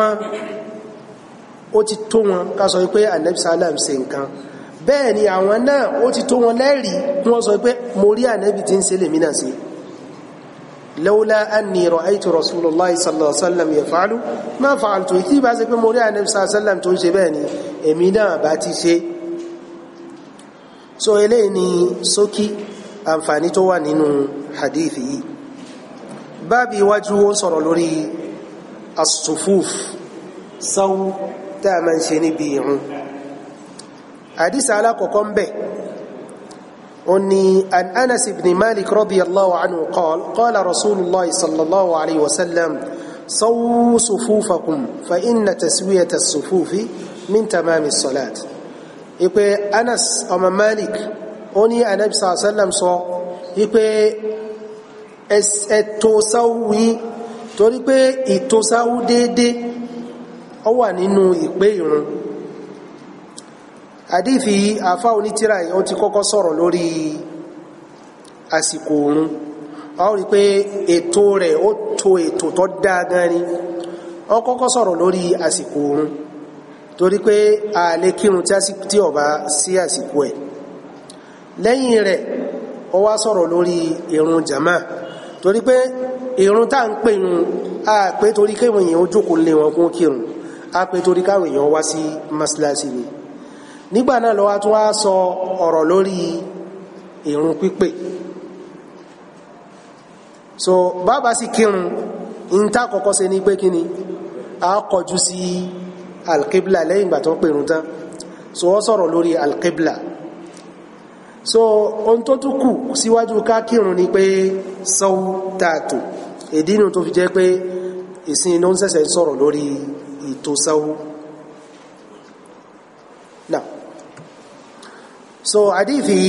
ó ti tó wọn ká sọ pé ànábì sàlám ṣe nǹkan bẹ́ẹ̀ ni àwọn náà ó ti tó wọn lẹ́rìí kí wọ́n sọ pé mo rí ànábì tí ń ṣe lèmi náà ṣe lawla anni ra'aytu rasulullahi sallallahu alaihi wasallam yaf'alu ma fa'altu tí bá ṣe pé mo rí ànábì sallallahu alaihi wasallam tó ń ṣe bẹ́ẹ̀ ni èmi náà bá ti ṣe so eléyìí ni ṣókí àǹfààní tó wà nínú hadithi yìí báàbí iwájú ó sọ̀rọ̀ lórí asufuf sáwú tá a أني أن أنس بن مالك رضي الله عنه قال قال رسول الله صلى الله عليه وسلم صووا صفوفكم فإن تسوية الصفوف من تمام الصلاة ipe أنس أم مالك أني ní anabi sàlá sàlám sọ ipe ẹtò sáwù yín torí pé ìtò sáwù déédéé ó wà nínú ìpè àdífi àfá onítìrà ó ti kọ́kọ́ sọ̀rọ̀ lórí àsìkò oorun a ó rí pé ètò rẹ̀ ó to ètò tó dáa gan ni ó kọ́kọ́ sọ̀rọ̀ lórí àsìkò oorun torí pé ààlè kírun tí ọba sí àsìkò ẹ̀ lẹ́yìn rẹ̀ ó wá sọ̀rọ̀ lórí ìrun jama torí pé ìrun tá ń pè yun a pé torí kéwọn èèyàn ó jókòó lé wọn kún kírun a pé torí káwọn èèyàn wá sí masilasi ni nígbà náà ló wá tún wá sọ ọ̀rọ̀ lórí ìrun pípé so bàbá sì kírun níta kọ́kọ́ ṣe ní pé kí ni a kọjú sí alqibla lẹ́yìn ìgbà tó pèrún tán so wọ́n sọ̀rọ̀ lórí alqibla so ohun tó tún kù síwájú ká kírun ni pé sọ́wọ́ tààtò ìdí inú tó fi jẹ́ pé ìsìn ló ń sọ̀rọ̀ lórí ètò sọ́wọ́ so àdífì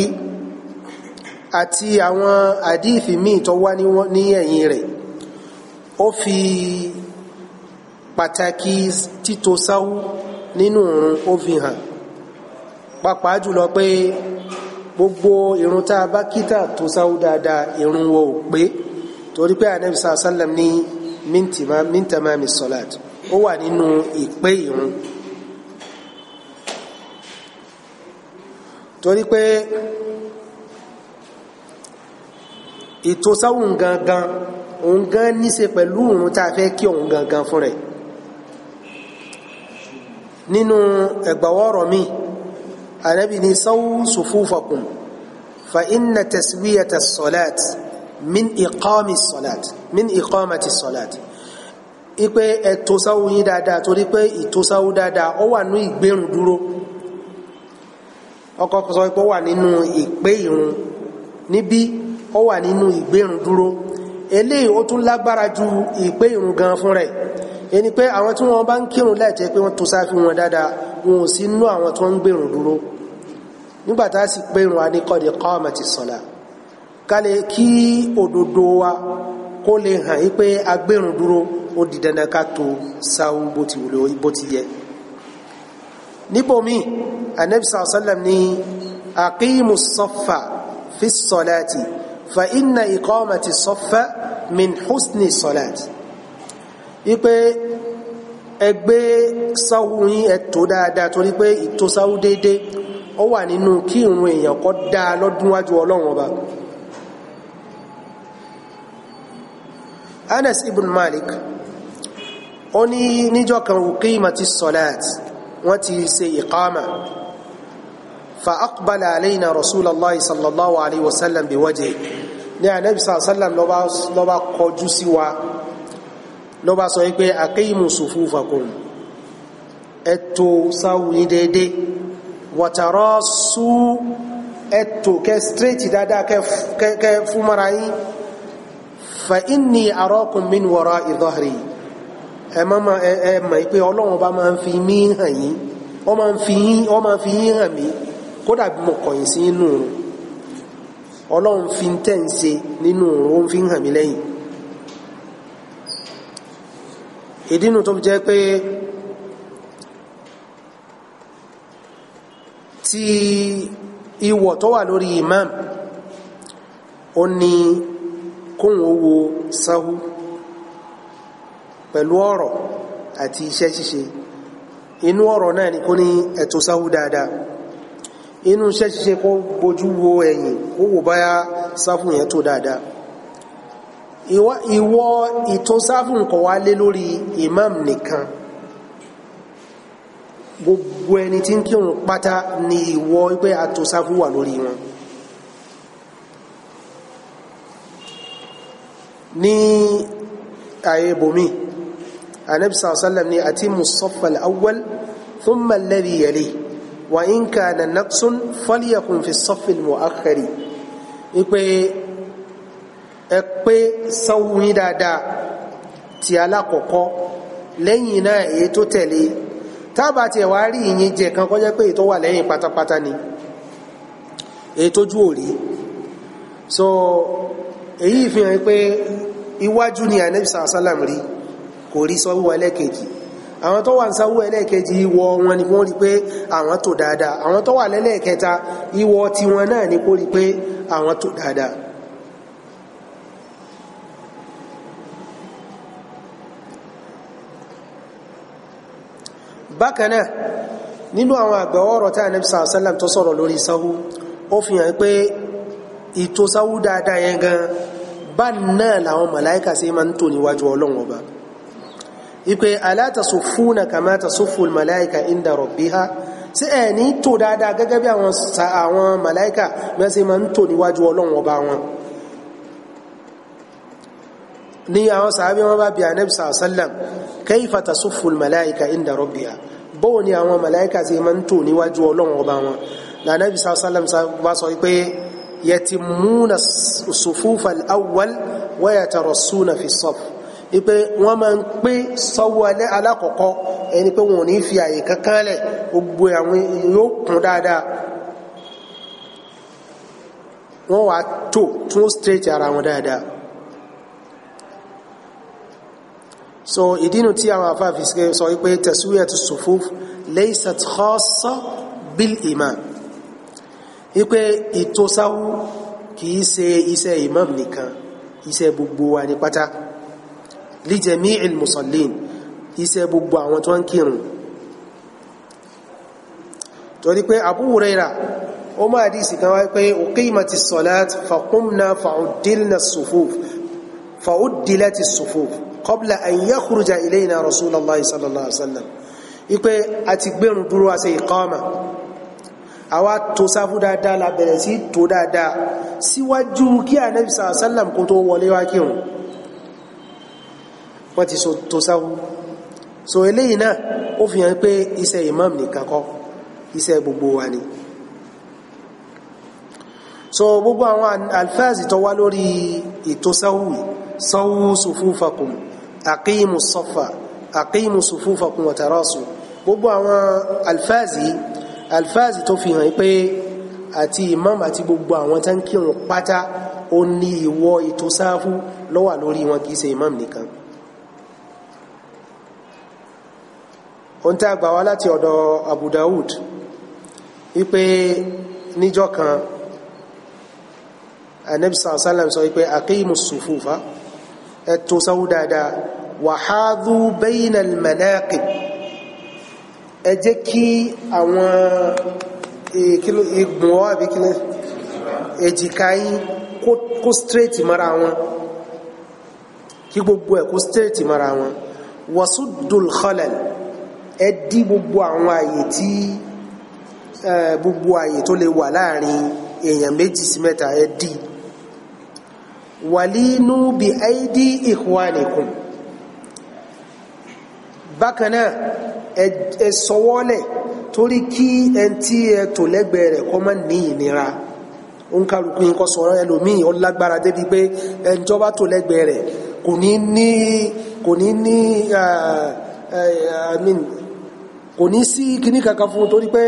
àti àwọn àdífì míì tó wá ní ẹ̀yìn rẹ̀ ó fi pàtàkì títò sáwú nínú òun ó fi hàn pàápàá jùlọ pé gbogbo irun tá a bá kíta tó sáwú dáadáa irun wo ò pé torí pé anabi sallam ní mintima mintamami salat ó wà nínú ìpé irun. torí pé ìtòsáwùn gangan òun gan níṣe pẹ̀lú òun tá a fẹ́ kí òun gangan fún rẹ̀ nínú ẹgbàwọ́rọ̀ mi anabi ni sawu sufufakum fa inna taswiyata salat min iqami salat min iqamati salat ipe ẹtòsáwùn yìí dáadáa torí pé ìtòsáwùn dáadáa ó wà ní ìgbérùn dúró ọkọ̀ sọ pé ó wà nínú ìpé ìrun níbí ó wà nínú ìgbérun dúró eléyìí ó tún lágbára ju ìpé ìrun gan fún rẹ̀ ẹni pé àwọn tí wọ́n bá ń kírun láìjẹ́ pé wọ́n tó sáfì wọn dáadáa wọn ò sí nú àwọn tí wọ́n ń gbérun dúró nígbà sì pé ìrun aníkọ́dé qamati sọ̀la kálẹ̀ kí òdodo wa kó lè hàn yí pé agbérun dúró ó di dandan ká tó sáwó bó ti wùlò bó ti yẹ níbòmíì anabi sallam ní aqimu sọfà fi sọláàtì fa inna iqamati sọfà min husni sọláàtì ipe ẹgbẹ́ sáwù yín ẹ̀tọ́ dáadáa torí pé ìtò sáwù déédéé ó wà nínú kí ìrun èèyàn kó dáa lọ́dún wájú ọlọ́run ọba Anas ibn Malik ó ní kan uqimati sọláàtì wọ́n ti ṣe ìkámà فأقبل علينا رسول الله صلى الله عليه وسلم بوجهه ní Ànábì sallam ló bá kọjú sí wa ló bá sọ pé aqimu sufufakum ẹ tò sáwù yín déédéé watarassu ẹ tò kẹ́ straight dáadáa kẹ́ fúnmọ́ra yín fa inni arakum min wara'i dhahri ẹ mọ̀ ẹ mọ̀ pé Ọlọ́run bá máa ń fi mí hàn yín ó máa ń fi yín hàn kódà bí mo kọ̀yìn sí nínú òrùn ọlọ́run fi ń tẹ̀ ń ṣe nínú òrùn ó ń fi ń hàn mí lẹ́yìn ìdínú tó jẹ́ pé tí ìwọ̀ tó wà lórí imam ó ní kóhùn owó sáhú pẹ̀lú ọ̀rọ̀ àti iṣẹ́ ṣíṣe inú ọ̀rọ̀ náà ni kó ní ẹ̀tọ́ sáhú dáadáa inú iṣẹ́ ṣíṣe kó bojú wo ẹ̀yìn ó wò báyá sáfù yẹn tó dáadáa ìwọ ìtò sáfù nǹkan wá lé lórí imam nìkan gbogbo ẹni tí ń kírun pátá ni ìwọ pé àtò sáfù wà lórí wọn ní ààyè bòmí anabisa sallam ni atimu saffal awwal thumma alladhi yalihi wa in kana naqsun falyakun fi saffil mu'akhkhari ipe ẹ pé sáwù yín dáadáa ti alákọ̀ọ́kọ́ lẹ́yìn náà èyí tó tẹ̀lé tábà tiẹ̀ wá rí ìyìn jẹ kan kọjá pé èyí wà lẹ́yìn pátápátá ni èyí tójú òrí so èyí fi hàn pé iwájú ni ànẹ́bìsà sálàm rí kò rí sọ́wọ́ ẹlẹ́kejì àwọn tó wà ń sáwó ẹlẹ́ẹ̀kejì ìwọ wọn ni wọ́n rí pé àwọn tó dáadáa àwọn tó wà lẹ́lẹ́ẹ̀kẹta ìwọ tiwọn náà ni kó rí pé àwọn tó dáadáa bákanáà nínú àwọn àgbẹ̀wọ́rọ̀ tí Ànábì sàásẹ́lẹ̀m tó sọ̀rọ̀ lórí sáwú ó fi hàn pé ìtò sáwú dáadáa yẹn gan bá náà làwọn màláíkà sí máa ń tò níwájú Ọlọ́run Ọba ipe alátasùfúnà kàmá tasùfù màláìka inda rabbiha sí ẹ̀ ní tò dáadáa gẹ́gẹ́ bí àwọn àwọn màláìka mẹ́sìn máa ń tò níwájú ọlọ́run ọba wọn ní àwọn sàábí wọn bá bí anẹ́bí sàásálàm kayfa tasùfù màláìka inda rabbiha bóò ni àwọn màláìka sì máa ń tò níwájú ọlọ́run ọba wọn lànàbí sàásálàm bá sọ pé yatimuna sùfúfà al-awwal wa yatarassuna fi saf ipe wọ́n máa ń pé sọ́wọ́ alẹ́ alákọ̀ọ́kọ́ ẹni pé wọn ò ní fi àyè kankan lẹ̀ gbogbo àwọn yóò kún dáadáa wọ́n wá tó tún straight ara wọn dáadáa so ìdínú tí àwọn afáàfi sọ wípé taswiyatu sufuf laysat khassa bil imam wípé ìtòsáwú kìí ṣe iṣẹ́ imam nìkan iṣẹ́ gbogbo wa ní pátá li jami'il musallin iṣẹ́ gbogbo àwọn tó ń kírun torí pé Abu Huraira ó máa hadisi kan wáyé pé uqimati salat faqumna fa'uddilna as-sufuf fa'uddilat as-sufuf qabla an yakhruja ilayna rasulullah sallallahu alaihi wasallam ipe àti gbẹ̀rún dúró àṣẹ ìkọ́ọ̀mà àwa tó sáfú dáadáa la bẹ̀rẹ̀ sí wọ́n ti so tó sáwú so eléyìí náà ó fi hàn pé iṣẹ́ imam nìkan kọ́ iṣẹ́ gbogbo wa ni so gbogbo àwọn alfáàzì tó wá lórí ètò sáwú sáwú sufufakum aqimu sọfà aqimu sufufakum wa tarasu gbogbo àwọn alfáàzì alfáàzì tó fi hàn pé àti imam àti gbogbo àwọn tánkìrún pátá ó ní ìwọ ètò sáfú ló wà lórí wọn kìí ṣe imam nìkan ohun tí a gbà wá láti ọ̀dọ̀ Abu Dawud wípé níjọ́ kan anabi sallallahu alaihi wasallam sọ wípé aqimu sufufa ẹ tò sáwù dáadáa wàhádù bainal manaqib ẹ jẹ́ kí àwọn igun ọ́ àbí kílẹ̀ èjìká yín kó straight mara wọn kí gbogbo ẹ̀ kó straight mara wọn wasuddul khalal ẹ dí gbogbo àwọn àyè tí gbogbo àyè tó lè wà láàrin èèyàn méjì sí mẹ́ta ẹ dí wàlínú bí aidi ikhwanikum bákanáà ẹ sọwọ́lẹ̀ torí kí ẹn tí ẹ tò lẹ́gbẹ̀ẹ́ rẹ̀ kọ́ má ní ìnira ń kálukú yín kọ́ sọ̀rọ̀ ẹlòmíì débi pé ẹn tò lẹ́gbẹ̀ẹ́ rẹ̀ kò ní ní kò ní sí kíní kankan fún torí pé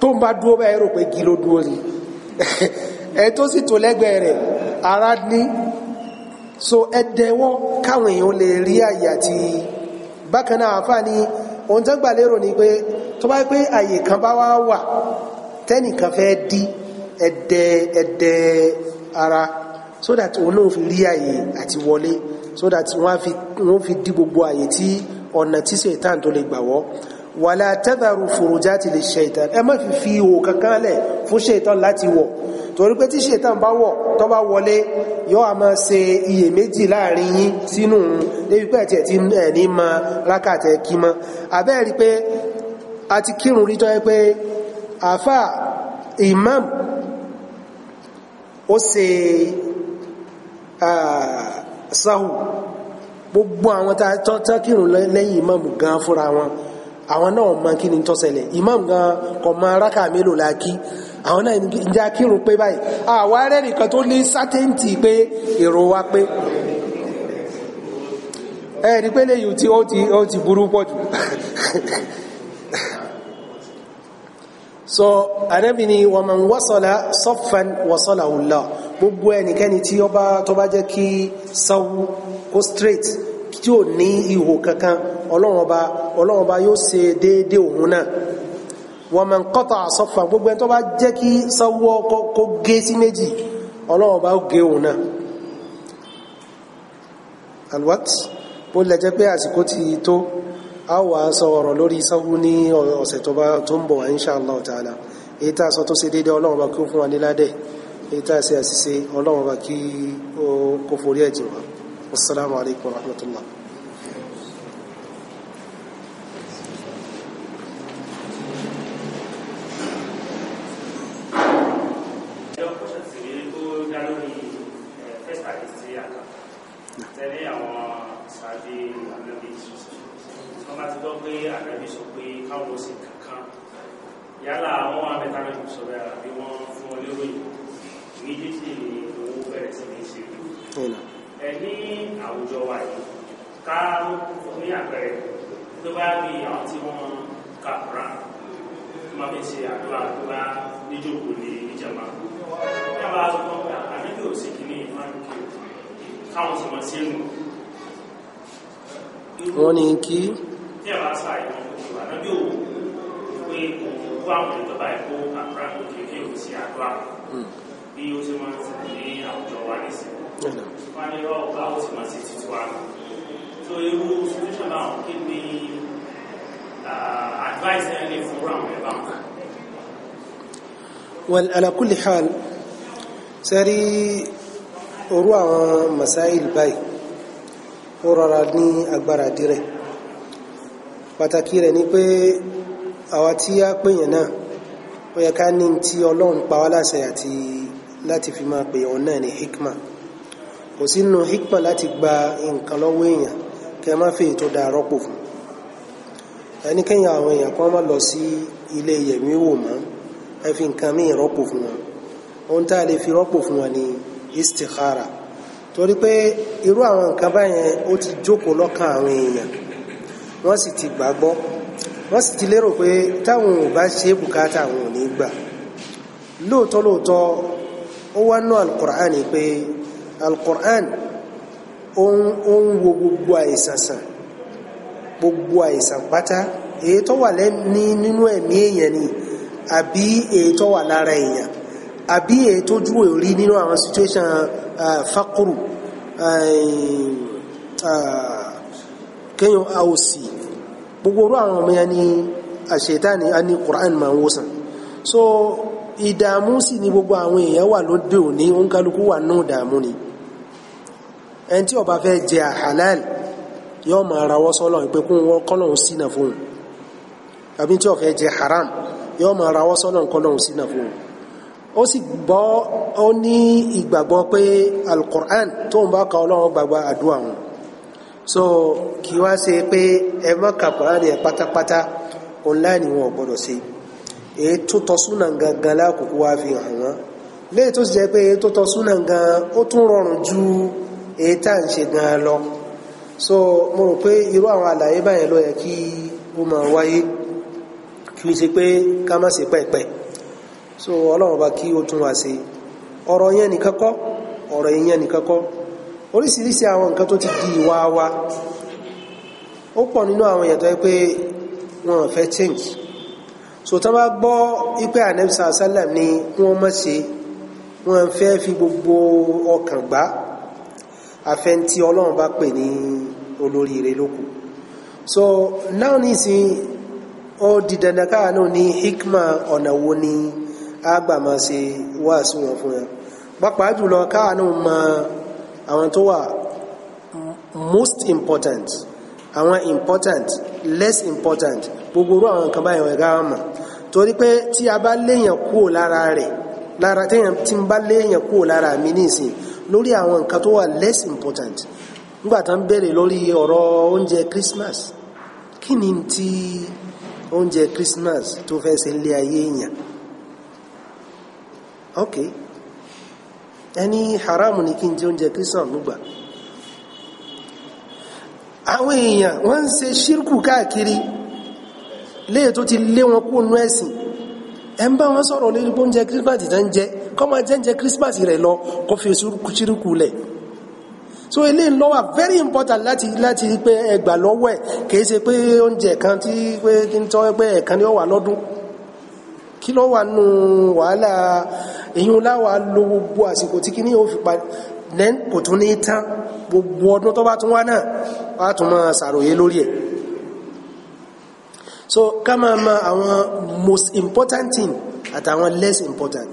tó ń bá dúró báyìí rò pé kí ló dúró ni ẹ tó sì tó lẹ́gbẹ̀ẹ́ rẹ̀ ara ní so ẹdẹwọ́ káwọn èèyàn lè rí àyè àti bákan náà àfà ní ohun tó gbà lérò ni pé tó bá pé àyè kan bá wá wà tẹ́nìkan fẹ́ dí ẹdẹ ẹdẹ ara so that òun náà fi rí àyè àti wọlé so that wọ́n fi dí gbogbo àyè tí ọ̀nà tí ṣètàn tó lè gbàwọ́ wàlá tadharu furujati li ṣètàn ẹ má fi fi ihò kankan lẹ̀ fún ṣètàn láti wọ̀ torí pé tí ṣètàn bá wọ̀ tó bá wọlé yóò a máa ṣe iyèméjì láàrin yín sínú débi imam ó ṣe ah, sáhù gbogbo àwọn tá kírun lẹ́yìn imam gan fúnra wọn àwọn náà mọ kí ni tó ṣẹlẹ̀ imam gan kò mọ rákà mélòó la kí àwọn náà ń já kírun pé báyìí àwa rẹ̀ nìkan tó ní sátẹ́ǹtì pé èrò wa pé ẹ̀rí pé léyìn tí ó ti burú pọ̀ jù so Ànábì ni wa man wasala saffan wasalahu Allah gbogbo ẹnikẹ́ni tí ó bá bá jẹ́ kí sáwú kó straight tí ò ní ihò kankan ọlọ́run ba ọlọ́run ọba yóò ṣe déédéé òun náà wa man qata'a saffa gbogbo ẹni tó bá jẹ́ kí sáwọ́ kó gé sí méjì ọlọ́run ọba ó gé òun náà alwat bó lẹ jẹ́ pé àsìkò ti tó a wà sọ ọ̀rọ̀ lórí sáwọ́ ní ọ̀sẹ̀ tó ń bọ̀ wá insha ta'ala èyí tá a sọ tó ṣe déédéé ọlọ́run ọba kí ó fún wa ní èyí tá a ṣe àṣìṣe ọlọ́run ọba kí ó kó forí ẹ̀jìn wa. والسلام عليكم ورحمة الله tẹ̀lé àwọn ìsáájú ànábì ìsọ̀sọ̀ wọ́n bá ti gbọ́ pé ànábì sọ pé káwọn sì kankan yálà àwọn abẹ́tàbí sọ̀rọ̀ àbí wọ́n fún ọ lérò yìí méjì sì ni owó bẹ̀rẹ̀ sí ní í ṣe ẹ àwùjọ wa yìí ká ní àpẹẹrẹ tó bá bí àwọn tí wọ́n ka kura wọ́n fi ṣe àdúrà tó bá níjókòó ní ìjàmbá ní àbá tó kọ́ pé àdébí káwọn sì máa ṣe é nù. ní kí. tí a bá sa ìwọ̀n òkú àdébí ò pé òkú àwọn ìjọba ẹ̀kọ́ àkúrà òkè àdúrà hmm. bí ó ṣe máa ń sìn ní àwùjọ wa nísìnyí wọ́n ní rọ́ ọ̀gá ó sì máa ṣe títú wa so irú situation náà kí ni advice ẹ̀ lè fún ra àwọn ni pé àwa tí a pèèyàn náà ó yẹ ká ní tí ọlọ́run pa wá láṣẹ àti láti fi máa pè ọ̀n náà ní hikma kò sí nù hikma láti gba nǹkan lọ́wọ́ èèyàn kẹ má fi ètò dáa rọ́pò fún ẹnikẹ́yìn àwọn èèyàn kan má lọ sí ilé yẹ̀mí wò mọ́ ẹ fi nǹkan míì rọ́pò fún wọn ohun tá a lè fi rọ́pò fún wọn ni istikhara torí pé irú àwọn nǹkan báyẹn ó ti jókòó lọ́kàn àwọn èèyàn wọ́n sì ti gbàgbọ́ wọ́n sì ti lérò pé táwọn ò bá ṣe é bùkátà àwọn ò ní gbà lóòótọ́ lóòótọ́ ó wá nú Al-Qur'ani pé alquran ó ń wo gbogbo àìsàn sàn gbogbo àìsàn pátá èyí tó wà lẹ́ni nínú ẹ̀mí èèyàn ni àbí èyí tó wà lára èèyàn àbí èyí tó dúró rí nínú àwọn situation uh, fakuru kéèyàn a ò sì gbogbo orú àwọn ọmọ yẹn ni àṣetá ni a ní Qur'an máa ń wòsàn so ìdààmú sì ni gbogbo àwọn èèyàn wà lóde òní òǹkálukú wà nù ìdààmú ni. So, ẹni tí ó fẹ́ jẹ halal yóò máa rawọ́ sọ́lọ̀ pé kún wọn kọ́lọ̀hún ṣínà fún àbí tí ó jẹ haram yóò máa rawọ́ sọ́lọ̀ kọ́lọ̀hún ṣínà fún ó sì gbọ́ ó ní ìgbàgbọ́ pé alukur'an tó ń bá ka ọlọ́run gbàgbọ́ àdúrà wọn so kì wá ṣe pé ẹ má ka kùránì ẹ pátápátá ọ̀la ni wọn ò gbọ́dọ̀ ṣe èyí tó tọ́ súnà gangan lákòókò wá fi hàn wọ́n léyìí tó sì jẹ́ pé èyí tó tọ́ súnà gan ó tún rọrùn ju èyí tá à ń ṣe gan-an lọ so mo rò pé irú àwọn àlàyé báyẹn ló yẹ kí ó máa wáyé kí n ṣe pé ká má ṣe pẹ́ẹ̀pẹ́ so ọlọ́run bá kí ó tún wá ṣe ọ̀rọ̀ yẹn nìkan kọ́ ọ̀rọ̀ yẹn nìkan kọ́ oríṣiríṣi àwọn nǹkan tó ti di ìwà wa ó pọ̀ nínú àwọn èèyàn tó yẹ pé wọn ò fẹ́ change so tán bá gbọ́ ipe anabisa salam ni wọ́n mọ̀ ṣe wọ́n fẹ́ fi gbogbo ọkàn gbà afẹ́ntí ọlọ́run bá pè ní olóríire lókù so náà nísìn ó di dandan káà ní hikma ọ̀nà wo ni àgbà máa ṣe wáàsí wọn fún ẹ pàápàá jùlọ káà mọ àwọn tó wà most important àwọn important less important gbogbo orú àwọn nǹkan báyìí ẹ̀gá wọn mọ̀ torí pé tí a bá léèyàn kúrò lára rẹ̀ lára téèyàn tí ń bá léèyàn kúrò lára mi nísìn lórí àwọn nǹkan tó wà less important nígbà tá ń bẹ̀rẹ̀ lórí ọ̀rọ̀ oúnjẹ Christmas kí ni ti oúnjẹ Christmas tó fẹ́ ṣe nílé ayé èèyàn ok ẹni haramu ni kí n jẹ oúnjẹ Christmas nígbà àwọn èèyàn wọ́n ń ṣe ṣírkù káàkiri léè tó ti lé wọn kúrò nú ẹ̀sìn ẹ ń bá wọn sọ̀rọ̀ lórí bó ń jẹ kírísímàsì tán jẹ kọ́ máa jẹ́ ń jẹ kírísímàsì rẹ̀ lọ kó fi ṣírùkù lẹ̀ so eléyìí ló wà very important láti láti pé ẹgbà lọ́wọ́ ẹ̀ kìí ṣe pé oúnjẹ kan tí pé kí n tọ́ pé ẹ̀kan ni ó wà lọ́dún kí ló wà nù wàhálà èyí láwà lo gbogbo àsìkò tí kí ní ó fi pa lẹ́n kò tún ní tán gbogbo ọdún tó bá tún wá náà wá tún máa ṣàròyé lórí ẹ̀ so ká máa ma àwọn most important thing at àtàwọn less important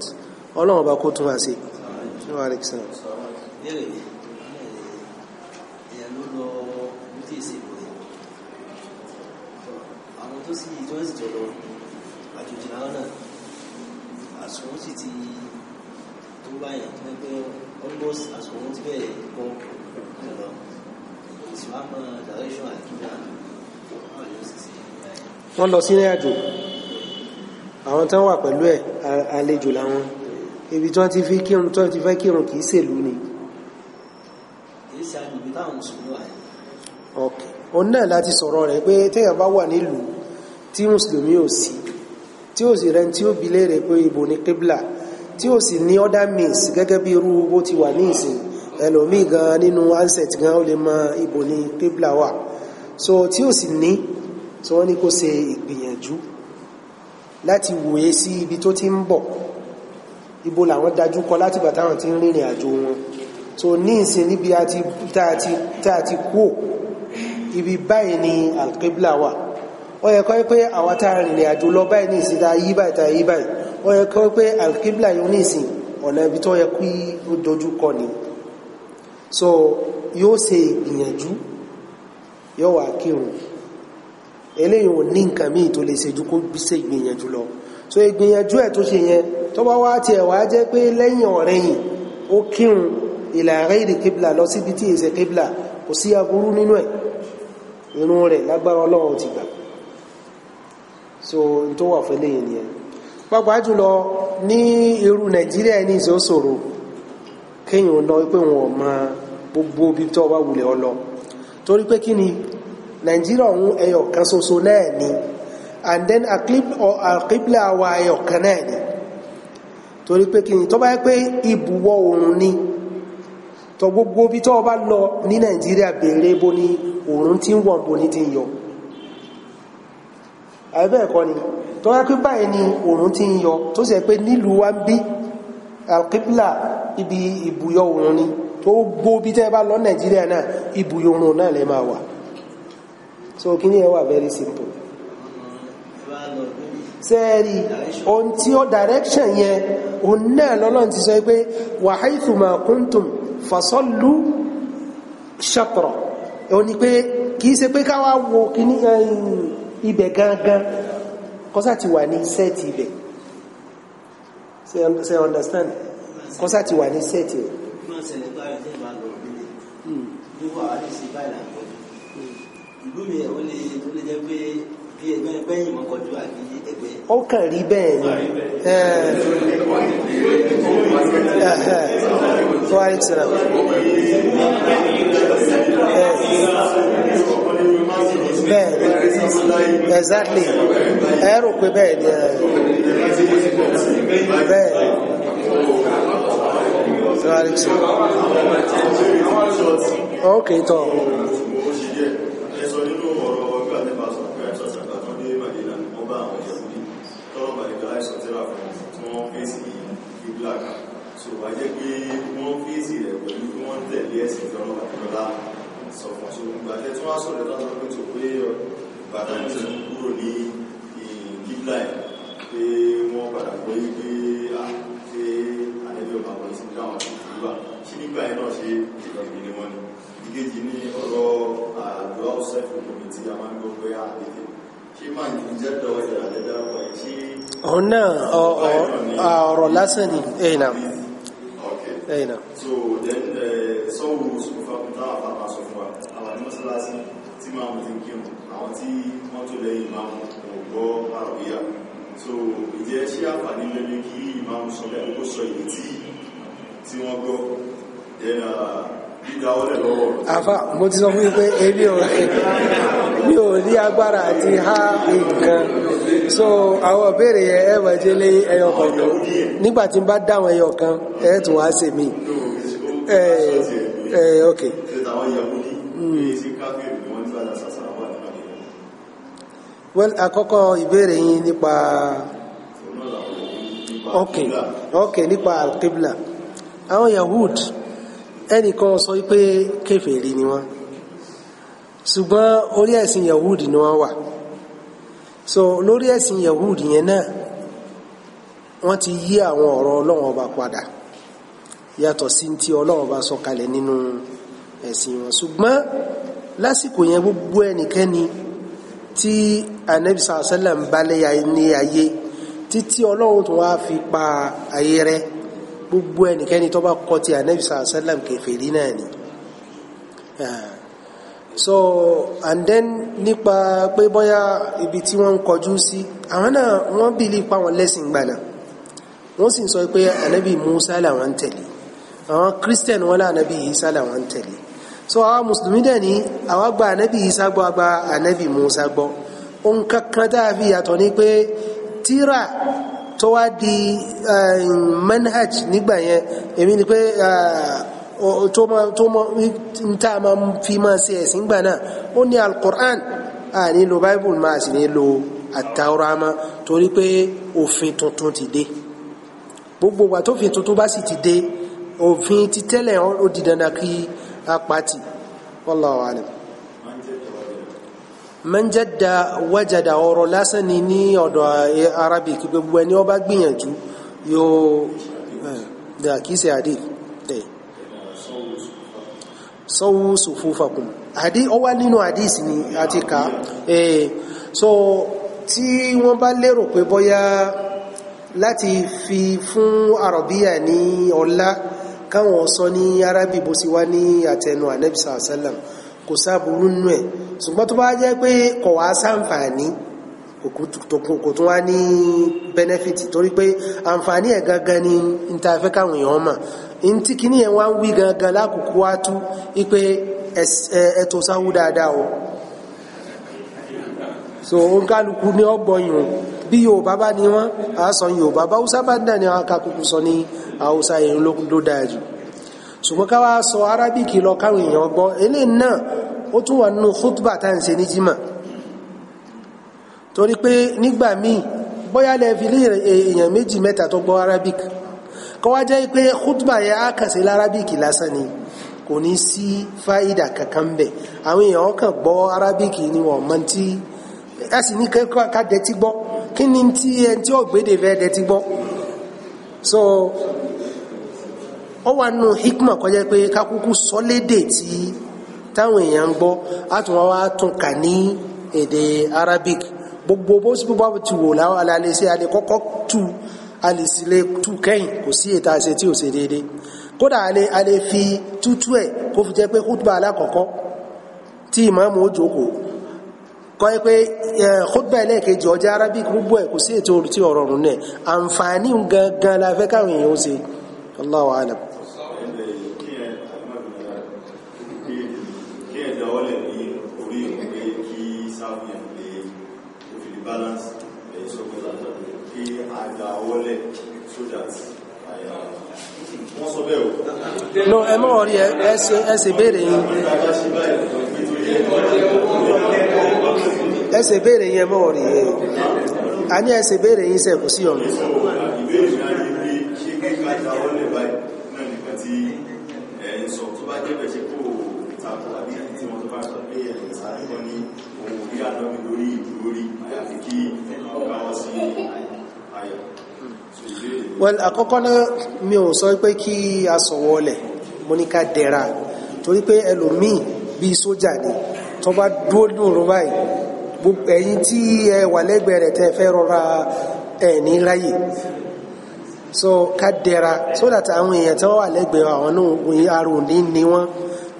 ọlọ́run ọba kó tún wá sí no. wà lẹ́kì sàn. àwọn tó sì jọ́ sì jọ lọ àjòjì làwọn náà àsùnwó sì ti tó báyìí tó ẹgbẹ́ almost àsùnwó ti bẹ̀rẹ̀ kọ́ ọ̀rọ̀ ìsìlámù direction àti ìdáná wọ́n lọ sínú àjò àwọn tán wà pẹ̀lú ẹ̀ àlejò làwọn ibi tí wọ́n ti fi kírun tí wọ́n ti fẹ́ kírun kì í ṣèlú ni. kì í ṣe àgbègbè táwọn mùsùlùmí wà yìí. ok òun náà láti sọ̀rọ̀ rẹ̀ pé téèyàn bá wà nílùú tí mùsùlùmí ò sí tí ò sì rẹ tí ó bi léèrè pé ibo ni kébìlà tí ò sì ní ọ́dà means gẹ́gẹ́ bí irú bó ti wà ní ìsìn ẹlòmíì gan nínú ansẹ̀t gan ó lè mọ ibo ni kébìlà wà so tí ò sì ní so wọ́n ní kó ṣe ìgbìyànjú láti wòye sí ibi tó ti ń bọ̀ ibo làwọn dájú kọ láti bàtà àwọn tí ń rìnrìn àjò wọn so ní ìsìn níbi tá a ibi báyìí ni alqibla wà ó yẹ kọ́ pé àwọn tá a rìnrìn àjò lọ báyìí ní ìsìn tá yí báyìí tá yí báyìí ó yẹ kọ́ pé alqibla yóò ní ìsìn ọ̀nà ibi tó yẹ kí ó dojú kọ ni so yóò ṣe ìgbìyànjú yóò wà kírun eléyìí ò ní nǹkan míì tó lè ṣe ju kó ṣe ìgbìyànjú lọ so ìgbìyànjú ẹ̀ tó ṣe yẹn tó bá wá tiẹ̀ wá jẹ́ pé lẹ́yìn ọ̀rẹ́yìn ó kírun ìlà ghairi kíbla lọ síbi tí èsè kíbla kò sí aburú nínú ẹ̀ irun rẹ̀ lágbára ọlọ́run ti gbà so n tó wà fẹ́lẹ́ yẹn nìyẹn pàápàá jùlọ ní irú nàìjíríà ní ìṣe ó ṣòro kéèyàn lọ pé wọn ò mọ gbogbo ibi nàìjíríà ọ̀hún ẹyọ kan ṣoṣo náà ni and then àkíblà uh, wa ẹyọ kan náà ni torí pé kí ni tó bá yẹ pé ibùwọ̀ oòrùn ni tó gbogbo bí tó bá lọ ní nàìjíríà béèrè bó ni oòrùn ti ń wọ̀n bó ni ti ń yọ àbẹ́bẹ́ ẹ̀kọ́ ni tó yẹ pé báyìí ni oòrùn ti ń yọ tó sì yẹ pé nílùú wa ń bí àkíblà uh, ibi ibùyọ oòrùn ni tó gbogbo bí tẹ́ bá lọ nàìjíríà náà ibùyọ oòrùn náà lè máa wà so kini ni wa very simple sẹ́ẹ̀rì ohun tí ó direction yẹn òun náà lọ́lọ́run ti sọ pé wa haythu ma kuntum fasallu shatra òun ni pé kìí ṣe pé káwá wo kíní eh, ibẹ̀ gangan kọ́sà ti wà ní sẹ́ẹ̀tì ibẹ̀ ṣe understand kọ́sà ti wà ní sẹ́ẹ̀tì rẹ̀ lómi ẹ̀ ó lè ó lè jẹ́ pé bí ẹgbẹ́ ẹgbẹ́ yìí mọ́ kọjú àbí ẹgbẹ́. ó kàn rí bẹ́ẹ̀ ni tó àìsàn. bẹ́ẹ̀ ni exactly ẹ rò pé bẹ́ẹ̀ ni bẹ́ẹ̀ tó àìsàn. ok tó. So, wá jẹ́ pé wọ́n fèsì rẹ̀ pẹ̀lú bí wọ́n tẹ̀lé ẹ̀sìn tí ọlọ́run àtọ́lá sọ fún ṣe gbogbo àti tí wọ́n sọ̀rọ̀ tó sọ pé tó pé bàtà ní ti kúrò ní kíbla ẹ̀ pé wọ́n padà pé pé a ṣe àlejò bàbá ti ń dáhùn sí ìgbà ṣé nígbà yẹn náà ṣe ìgbàgbé ni wọ́n ni ìkejì ní ọ̀rọ̀ àdúrà ọ̀sẹ̀ fún mi tí a máa ń gbọ́ pé ah, àdéhùn ọ̀nà ọ̀rọ̀ lásán ni ẹ̀nà ẹ̀yìnà so then sọ́wọ́ sọ́fà tá a fà máa sọ fún wa àwọn ní mọ́sálásí tí máa mú ti ń kírun àwọn tí wọ́n tó lẹ́yìn máa mú ọgbọ́ àròyà so ìjẹ́ ṣé àǹfààní lẹ́nu kí ìmáàmù sọ bẹ́ẹ̀ kó sọ ìdí tí wọ́n gbọ́ uh, àfà mo ti sọ fún yín pé èmi ò mi ò ní agbára àti há nǹkan so àwọn ìbéèrè yẹn ẹ wà lé ẹyọ kan nígbà tí n bá dáwọn ẹyọ kan ẹ tún wá ṣe mí ẹ ẹ ok. Hmm. well àkọ́kọ́ ìbéèrè yín nípa ok ok nípa alqibla àwọn Yahud. Okay ẹnìkan sọ pé kèfèrí ni wọ́n ṣùgbọ́n orí ẹ̀sìn yahudi ni wọ́n wà so lórí ẹ̀sìn yahudi yẹn náà wọ́n ti yí àwọn ọ̀rọ̀ ọlọ́run ọba padà yàtọ̀ sí ti ọlọ́run ọba sọ̀kalẹ̀ nínú ẹ̀sìn wọn ṣùgbọ́n lásìkò yẹn gbogbo ẹnikẹ́ni tí anabi sàlẹ̀ ń balẹ̀ ní ayé títí ọlọ́run tó wá fi pa ayé rẹ̀ gbogbo ẹnikẹ́ni tó bá kọ ti anabi sàlám kèfèrí náà ni ah. so and then nípa pé bóyá ibi tí wọ́n ń kọjú sí àwọn náà wọ́n bìlí pa wọn lẹ́sìn gbàna wọ́n sì ń sọ pé anabi musa làwọn ń tẹ̀lé àwọn christian wọn lànàbí isa làwọn ń tẹ̀lé so àwọn mùsùlùmí dẹ̀ ní àwọn gba anabi isa gbọ́ àgbà anabi musa gbọ́ ohun kankan tá a yàtọ̀ ni pé tíra tó wá di eh, manhaj nígbà yẹn èmi ni pé eh, tó ma tó ma n ta ma fi ma ṣe ẹ̀sìn gbà náà ó ní alukur'an a ní lo bible máa sì ní lo àtàwọ̀rámá torí pé òfin tuntun ti dé gbogbo wa tó fi tuntun bá sì ti dé òfin ti tẹ́lẹ̀ ó di dandan kí a pàtì wallahu alam man jadda wajada ọ̀rọ̀ lásán ni ní ọ̀dọ̀ eh, Arabi gbogbo ẹni ó bá gbìyànjú yóò eh, dà kìí ṣe àdé ẹ̀ sawu sufufakum àdé ó wá nínú àdísì ni àti ká ẹ̀ eh, so tí wọ́n bá lérò pé bóyá láti fi fún arabiya ní ọlá káwọn sọ ní arabi bó sì wá ní àtẹnu anabi sallallahu alaihi kò sáàbùrú nú ẹ̀ ṣùgbọ́n tó bá jẹ́ pé kò wá sáǹfààní kò tún wá ní benefit torí pé àǹfààní ẹ̀ gangan ni ìtafẹ́ káwọn èèyàn mọ̀ ntí kíní yẹn wá ń wí gangan lákòókò wá tú wípé ẹ̀tọ́ sáwú dáadáa o so òǹkálukú ní ọgbọ̀nyìn o bí yorùbá bá ní wọn àá sọ yorùbá bá haúsá bá dà ní àwọn sọ ní haúsá yẹn ló dáa jù ṣùgbọ́n ká wá sọ arabic lọ káwọn èèyàn gbọ́ ilé náà ó tún wà nínú khutba tá ń ṣe ní jimá torí pé nígbà míì bóyá lẹ́ẹ̀fi lé e, èèyàn méjì mẹ́ta tó gbọ́ arabic kọ́ jẹ́ pé khutba yẹ á kàn sí lárabic lásán ni kò ní sí fáìdà kankan ń bẹ̀ àwọn èèyàn kàn gbọ́ arabic ni wọ́n mọ tí a sì ní ká dẹ́tí gbọ́ kí ni tí ẹni tí ọ̀gbẹ́dẹ̀ fẹ́ dẹ́tí gbọ́ so ọ wà nù hikma kọjá pé kákúkú sọlédè tí táwọn èèyàn ń gbọ́ àtún wọn wá tún kà ní èdè arabic gbogbo bó sì bá ti wò láwọn alẹ́ sí alẹ́ kọ́kọ́ tu alẹ́ sílẹ̀ tu kẹ́yìn kò sí ètò àṣẹ tí ò ṣe déédéé kódà alẹ́ alẹ́ fi tútú ẹ̀ kó fi jẹ́ pé kútùbà alákọ̀ọ́kọ́ tí ìmáàmù ó jókòó kọ́ ẹ pé khutbah ẹlẹ́ẹ̀kejì ọjà arabic gbogbo ẹ̀ kò sí ètò tí ọ̀rọ̀ rùn náà àǹfààní gangan la fẹ́ káwọn èèyàn ó ṣe Allahu alam balance ẹ̀yìn sọ pé kí àgbà wọlé so that uh, wọ́n sọ bẹ́ẹ̀ o. no ẹ mọ̀ ọ́ rí ẹ ẹ ṣe béèrè yín ẹ ṣe béèrè yín ẹ mọ̀ ọ́ rí àní ẹ béèrè yín sẹ́kù sí ọ̀nà. well àkọ́kọ́ náà mi ò sọ pé kí a sọ̀wọ́ ọlẹ̀ dera torí pé ẹlòmíì bíi sójà ni tó bá dúró dùnrún báyìí ẹ̀yin tí ẹ wà lẹ́gbẹ̀ẹ́ rẹ̀ tẹ́ fẹ́ rọra ẹ̀ ní so ká dẹ̀ra so that àwọn èèyàn wà lẹ́gbẹ̀ẹ́ àwọn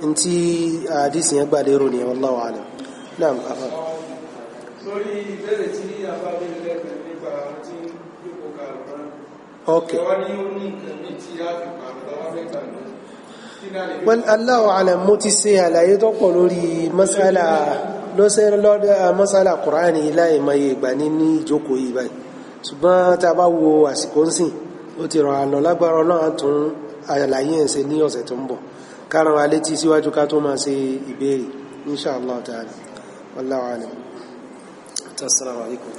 ni àdìsí yẹn ni náà. okay well Allahu alam mo ti ṣe àlàyé tó pọ̀ lórí masala lọ́sẹ̀ lọ́dọ̀ masala kùránì láì máa yẹ ìgbà nínú ìjókòó yìí báyìí ṣùgbọ́n tá a bá wo àsìkò ń sìn ó ti ràn án lọ lágbára ọlọ́run tún àlàyé ẹ̀ ṣe ní ọ̀sẹ̀ tó ń bọ̀ káran wa létí síwájú ká tó máa ṣe ìbéèrè insha ta'ala wallahu alam assalamu alaikum